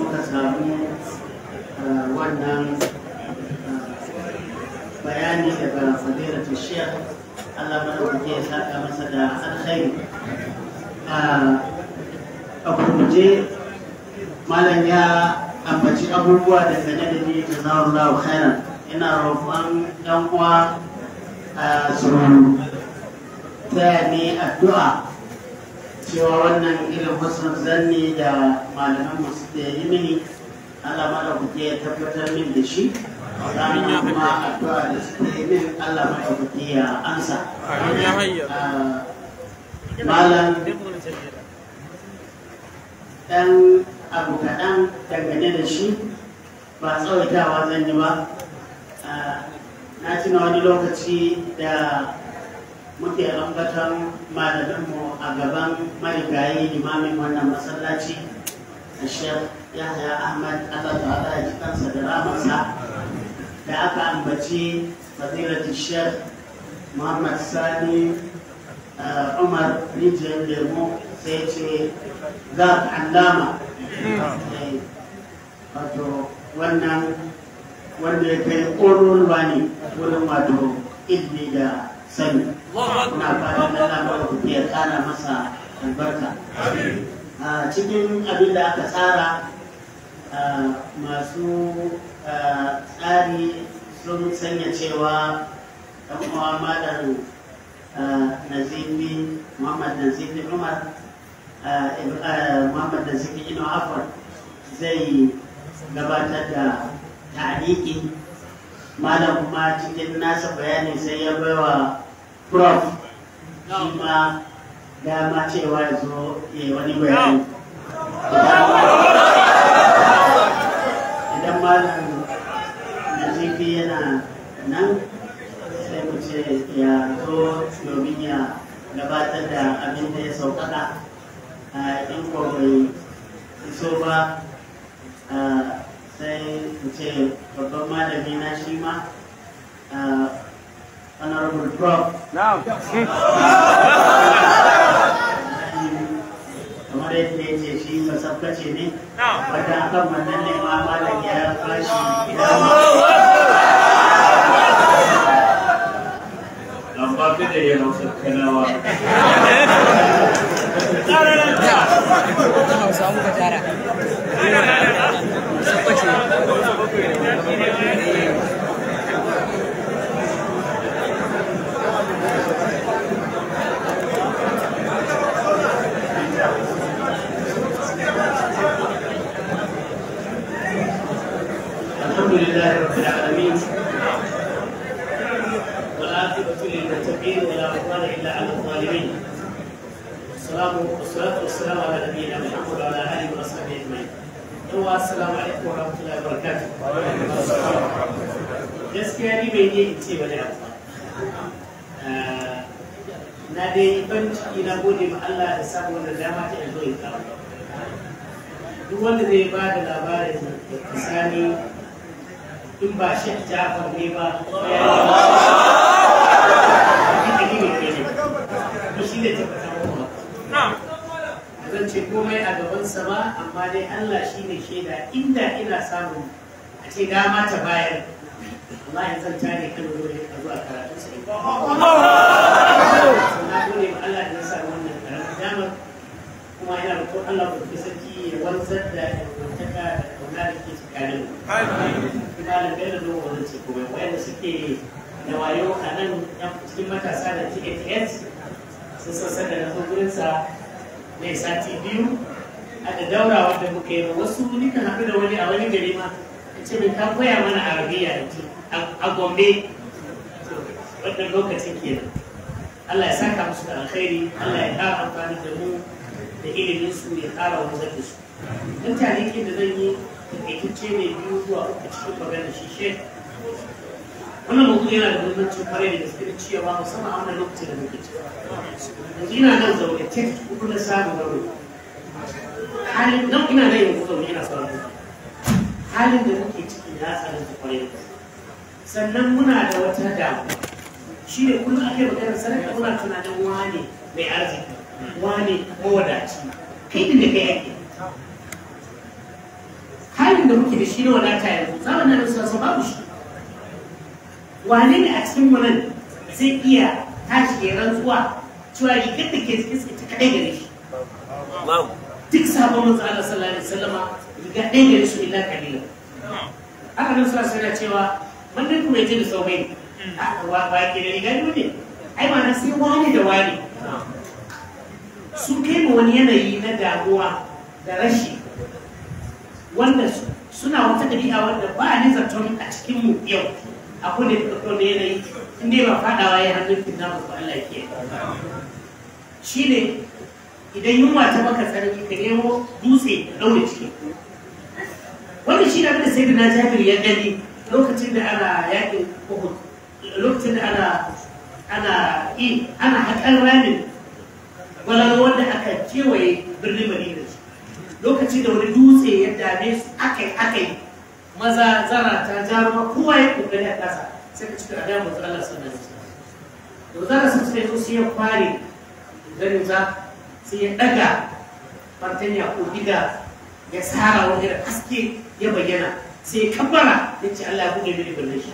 muka samu wannan eh, bayani daga fadira tashiyar Allah maɗaukaki ya saka masa da alkhairi eh, a kurkuje malam ya ambaci abubuwa da gane da ne ta zaun zaun khairan ina roƙon ɗan uwa eh, su taya ne addu'a cewa wannan irin wasu zanni da malaman musu da yi mini Allah ma ya tabbatar min da shi ranar kuma addu'a da suke min Allah ma ya ansa ah, malam dan abu kaɗan dangane da shi ba tsawaitawa zan yi ba ah, na tuna wani lokaci da muke ambatan malaminmu a gaban marigayi limamin wannan masallaci a shek yahya ahmad allah ta'ala ya da ramarsa da aka ambaci fadilatu shek muhammad sani eh, umar rijiyar lemo sai ce za ka allama eh, wato wannan wanda ya kai ƙororwa ne wurin wato ilmi da sani na fara na lamar kuke ƙara masa albarka a ah, cikin abin da aka tsara masu tsari sun sanya cewa ɗan uwa malam nazifi muhammad nazifi umar muhammad nazifi ino afon zai gabatar da tariki malam kuma cikin nasa bayani sai ya baiwa prof shi ma dama cewa ya zo wani bayani malam da jifi yana nan sai mu ce ya zo domin ya gabatar da abin da ya sauƙaƙa a in ko bai iso ba sai mu ce babban malami na shi ma honorable prof tabbace ne wanda akan wannan ne ma malam ya لله رب العالمين للمتقين ولا عدوان على الظالمين والسلام على نبينا محمد وعلى gaskiya ni bai na dai ban ciki na gode ma Allah da samu wannan dama ta yanzu in kawo duk wanda zai ba da labarin da in ba shi jafar ne ba zan ce komai a gabansa ba amma dai Allah shi ne shaida inda ina samun a ce dama ta bayar amma in zan tare kan wuri a zuwa karatun sa na gode ma Allah ya sa wannan karatun damar kuma ina roƙon Allah ku sarki ya wanzar da ɗaukaka da ƙauna da ke tsakanin mu malam bello ne ba zan ce komai wayanda suke da wayo a nan cikin matasa da THS sun san sanda na gurinsa mai sati biyu a da daura wanda muka yi wasu ni kan haɗu da wani a wani gari ma ce mai ta koya mana arabiya a gombe wannan lokacin kenan Allah ya saka musu da alkhairi Allah ya ƙara amfani da mu da ilimin su ya ƙara wanzar da su dan tarihin da zan yi takaitacce ne biyu zuwa uku cikin magana shi shek wannan mutum yana da muhimmanci kwarai da gaske da cewa musamman a wannan lokacin da muke ciki yanzu ina nan zaune tek kudu na samun garo halin nan ina nan yanzu zaune yana sauran halin da muke ciki ya tsananta kwarai da gaske sannan muna da wata damu shi ne kullum ake magana sadaka muna tunanin wane mai arziki wane mawadaci kai da kai ake halin da muke da shi na wadata yanzu zamanin da sassa babu shi wane ne a cikin mu nan zai iya tashi ya rantsuwa cewa rigar da ke cikin ta kaɗai gare shi duk sabon manzo Allah sallallahu alaihi wasallama riga ɗaya gare su illa kalila aka nan sa sai cewa wannan kuma yaje da sauƙi hmm. a wa ba ke da riga ne ai hmm. ma sai wani da wani su kai mu wani yanayi na damuwa da rashi wanda suna wata ɗabi'a wanda ba a zaton a cikin mu yau akwai da suka da yanayi in dai ba faɗawa ya hannun finna ba Allah ke shi ne idan yunwa ta maka tsarki ka nemo dutse da ɗaure ciki wanda shi ne abin da sai na jabir ya gani lokacin da ana yaƙin uhud lokacin da ana ana ana haƙar ramin gwalalo wanda aka kewaye birnin madina Lokacin da wani dutse ya dame su akai akai maza zara ta jaruma kowa ya kokari a kasa sai ka cika a damu da Allah sallallahu alaihi wasallam zara sun sai zo sai ya kware ganin za sai ya daga fartanya ko diga ya tsara wani da haske ya bayyana sai ya kabbara ya ce Allah ya buɗe mini birnin shi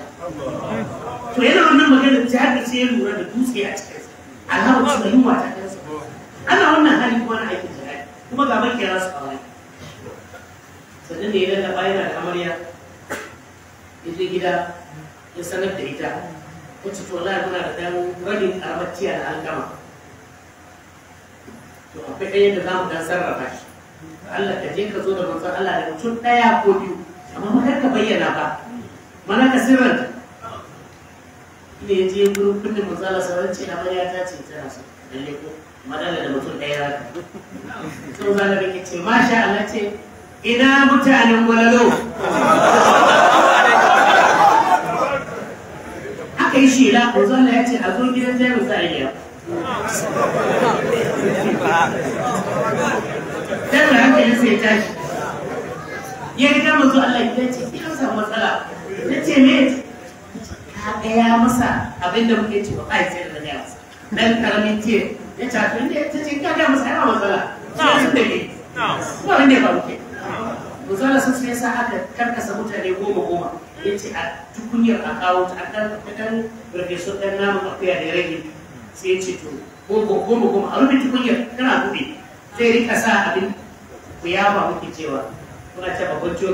to yana wannan magana ta haka sai ya lura da dutse a cikinsa alhamdulillah yunwa ta kansa ana wannan hali kuma na aikin kuma ga makera su kawai sannan da ya da bayan da amarya ya gida ya sanar da ita wacce to wallahi muna da dan rabin karamar tiya da an gama to akwai ɗaya da za mu dan sarrafa shi Allah ka je ka zo da manzon Allah da mutum ɗaya ko biyu amma ma ka bayyana ba mana ka sirranta ne ya je gurin kundin manzon Allah sallallahu alaihi wasallam ce amarya ta ce tana so lalle ko magana da mutum ɗaya za ka sun zana da ke ce masha Allah ce ina mutanen gwalalo aka yi shela ko zana ya ce a zo gidan jami'in za a yi dan da haka ya sai tashi ya riga mazu Allah ya ce ki an samu matsala ya ce me ka gaya masa abinda muke ce ba kai sai da gaya masa dan karamin ce ya ce to inda ta ce kaga masa yana matsala suna sun da ne ba wanda karkasa mutane goma goma ya a tukunyar a kawo ɗan naman akuya da ya rage ya ce goma goma a rufe tukunyar tana buɗe zai rika sa abin ku yawa muke cewa babban ku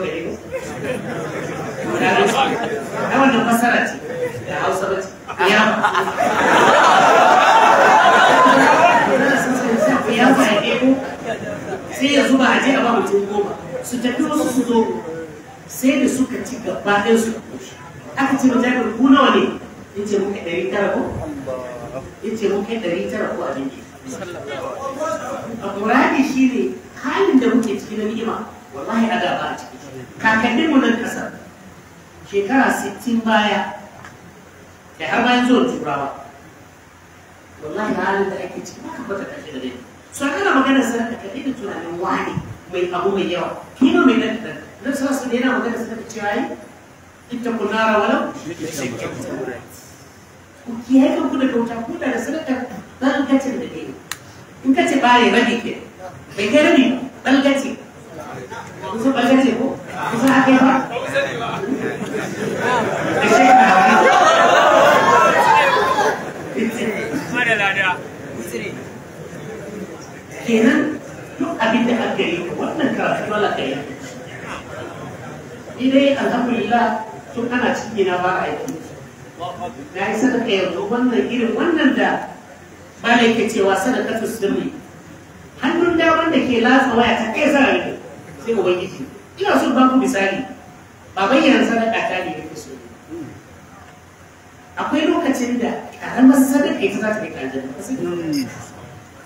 na fasara da hausa ba ce ku sai ya zuba a a ba mutum goma su tafi wasu su zo sai da suka ci gaba ɗin su aka ce mutum ya ku nawa ne in ce muka ɗari tara ko in ce muka ɗari tara ko a ne a ƙurani shi ne halin da muke ciki na ni'ima wallahi a gaba a ciki mu nan ƙasar shekara 60 baya da har bayan zuwa turawa wallahi halin da ake ciki ba ka kwata kashe da dai sakana magana ta ka da tunanin wani mai abu mai yawa kino mai nan da na sa su daina magana ta cewa yi ita ku nara walau ku kiyaye ku da kauta ku da da sadaka dan gacin da kai in kace ce bare rabi ke bai kai rabi dan gaci kusa balgace ko kusa ake ba a ba kenan duk abin da aka yi wannan karatu dole ka yi idai alhamdulillah tun ana ciki na ba a yi na yi sadaka yanzu wannan irin wannan da ba na yake cewa sadaka ta sirri hannun daman da ke latsa waya ta kai zara ne sai ubangiji ina so ba ku misali ba bayyana sadaka ta ne yake so akwai lokacin da karamar sadaka ita za ta kai aljanna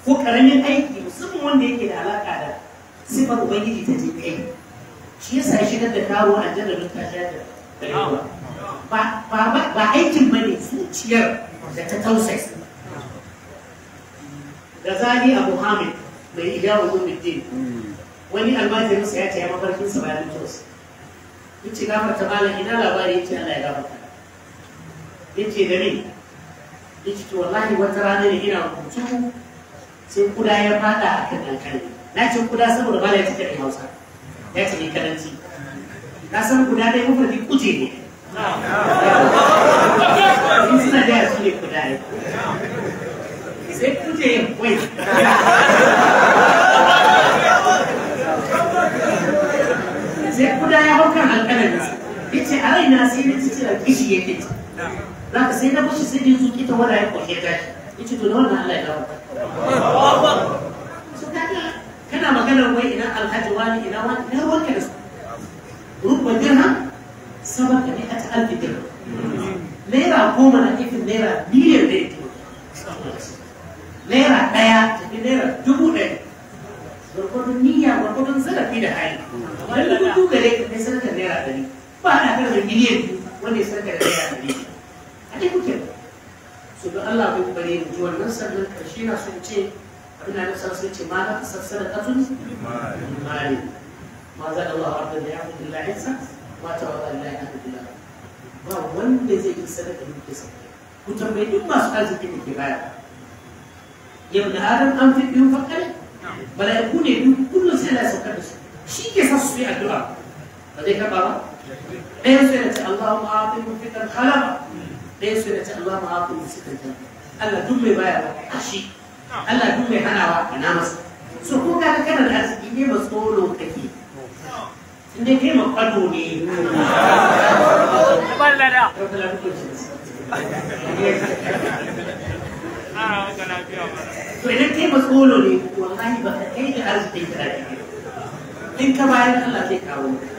ko karamin aiki musamman wanda yake da alaka da sifar ubangiji ta jinkai shi yasa sa shigar da kawo a jarrabin tashi da ba aikin ba ne zuciyar da ta tausai da zani abu hamid mai ijawa gudun wani almajirinsa ya taya ya mafarkinsa bayan mutuwarsa yace ta malam ina labari yace Allah ya gafarta yace da ni yace to wallahi wata rana ne ina rubutu sai kuda ya fada a kan dankali na ce kuda saboda ba ya cika da hausa ya ce ni karanci na san kuda dai mafarki kuje ne in suna da su ne kuda sai kuje ya kwai sai kuda ya hau kan alƙalarinsa ya ce a na sai na cikin cira ya ke ci za ka sai na bushe sai da yanzu kita wadda ya kwashe tashi yace to da Allah ya kana magana wai ina alhaji wani ina wani na ne a ta alfi naira goma na ifin naira miliyan naira naira dubu gwargwadon niyya gwargwadon zarafi da hali wani dubu dubu gare naira ba a miliyan wanda ya naira a kuke su ga Allah bai bare mu ji wannan sannan karshe na sun ce abin da nasa sun ce ma na ta sassara mali ma za Allah rabba da ya fi illa isa ma ta wa Allah ya fi ba wanda zai yi sadaka da ke sauke ku tambayi duk masu arziki da ke baya yau da adam an fi biyu fakare mala'iku ne duk kullum sai Allah ya saukar da su shi ke sa su yi addu'a ba zai karɓa ba ɗayan su yana ce Allahumma a'ti munfiqan khalaqa ɗaya sai da ci Allah ma hafi da suka jan Allah duk mai bayarwa a shi Allah duk mai hanawa a na masa so ko ka kana da arziki ne ba tsoro kake in dai kai makwado ne to idan kai matsolo ne wallahi ba ka kai da arziki da in ka bayar Allah zai kawo ka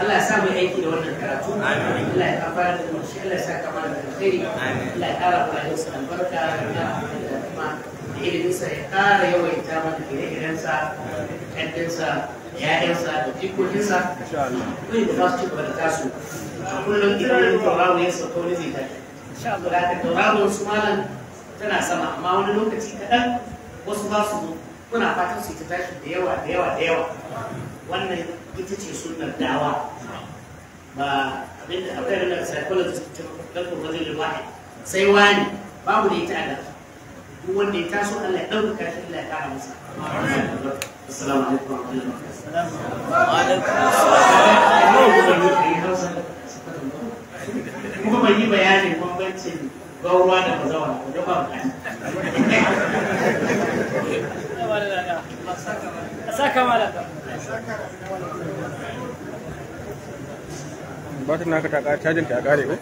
Allah ya sa mu aiki da wannan karatu Allah ya kafara da mushi, Allah ya sa kamar da alkhairi Allah ya kara wa rayuwar sa albarka da kuma da ilimin sa ya kara yawaita mana ire-iren sa kaddin sa ya'yan sa da jikokin sa kuma da za su ci gaba da tasu a kullum ilimin tauraro ya sauko ne zai tafi insha Allah da tauraro su malam tana sama amma wani lokaci kaɗan wasu ba su kuna fatan su ta tashi da yawa da yawa da yawa wannan ita ce sunan dawa ba abinda akwai abinda psychologist ta kalko ba zai wahi sai wani babu da ita da duk wanda ya taso Allah ya ɗauka shi Allah ya kara masa assalamu alaikum wa rahmatullahi kuma ban yi bayanin bambancin gaurwa da bazawa da ba ba mala batir naka ta kare cajin ta kare ko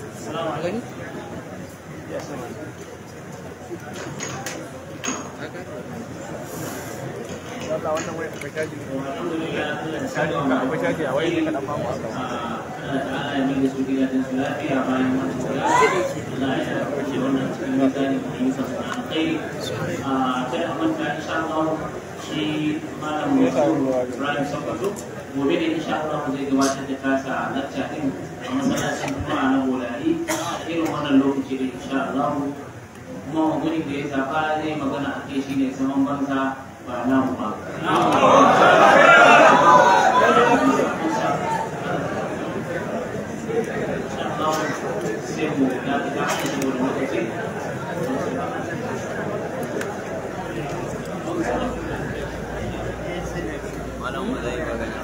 wannan a shi malam Ibrahim Sokoto gobe ne insha Allah zai gabatar da kasa lacca din a masallacin Juma'a na Bolari irin wannan lokaci da insha Allah kuma magunin da ya zaba zai magana a kai shine zaman banza ba namu ba. Thank you. Amém.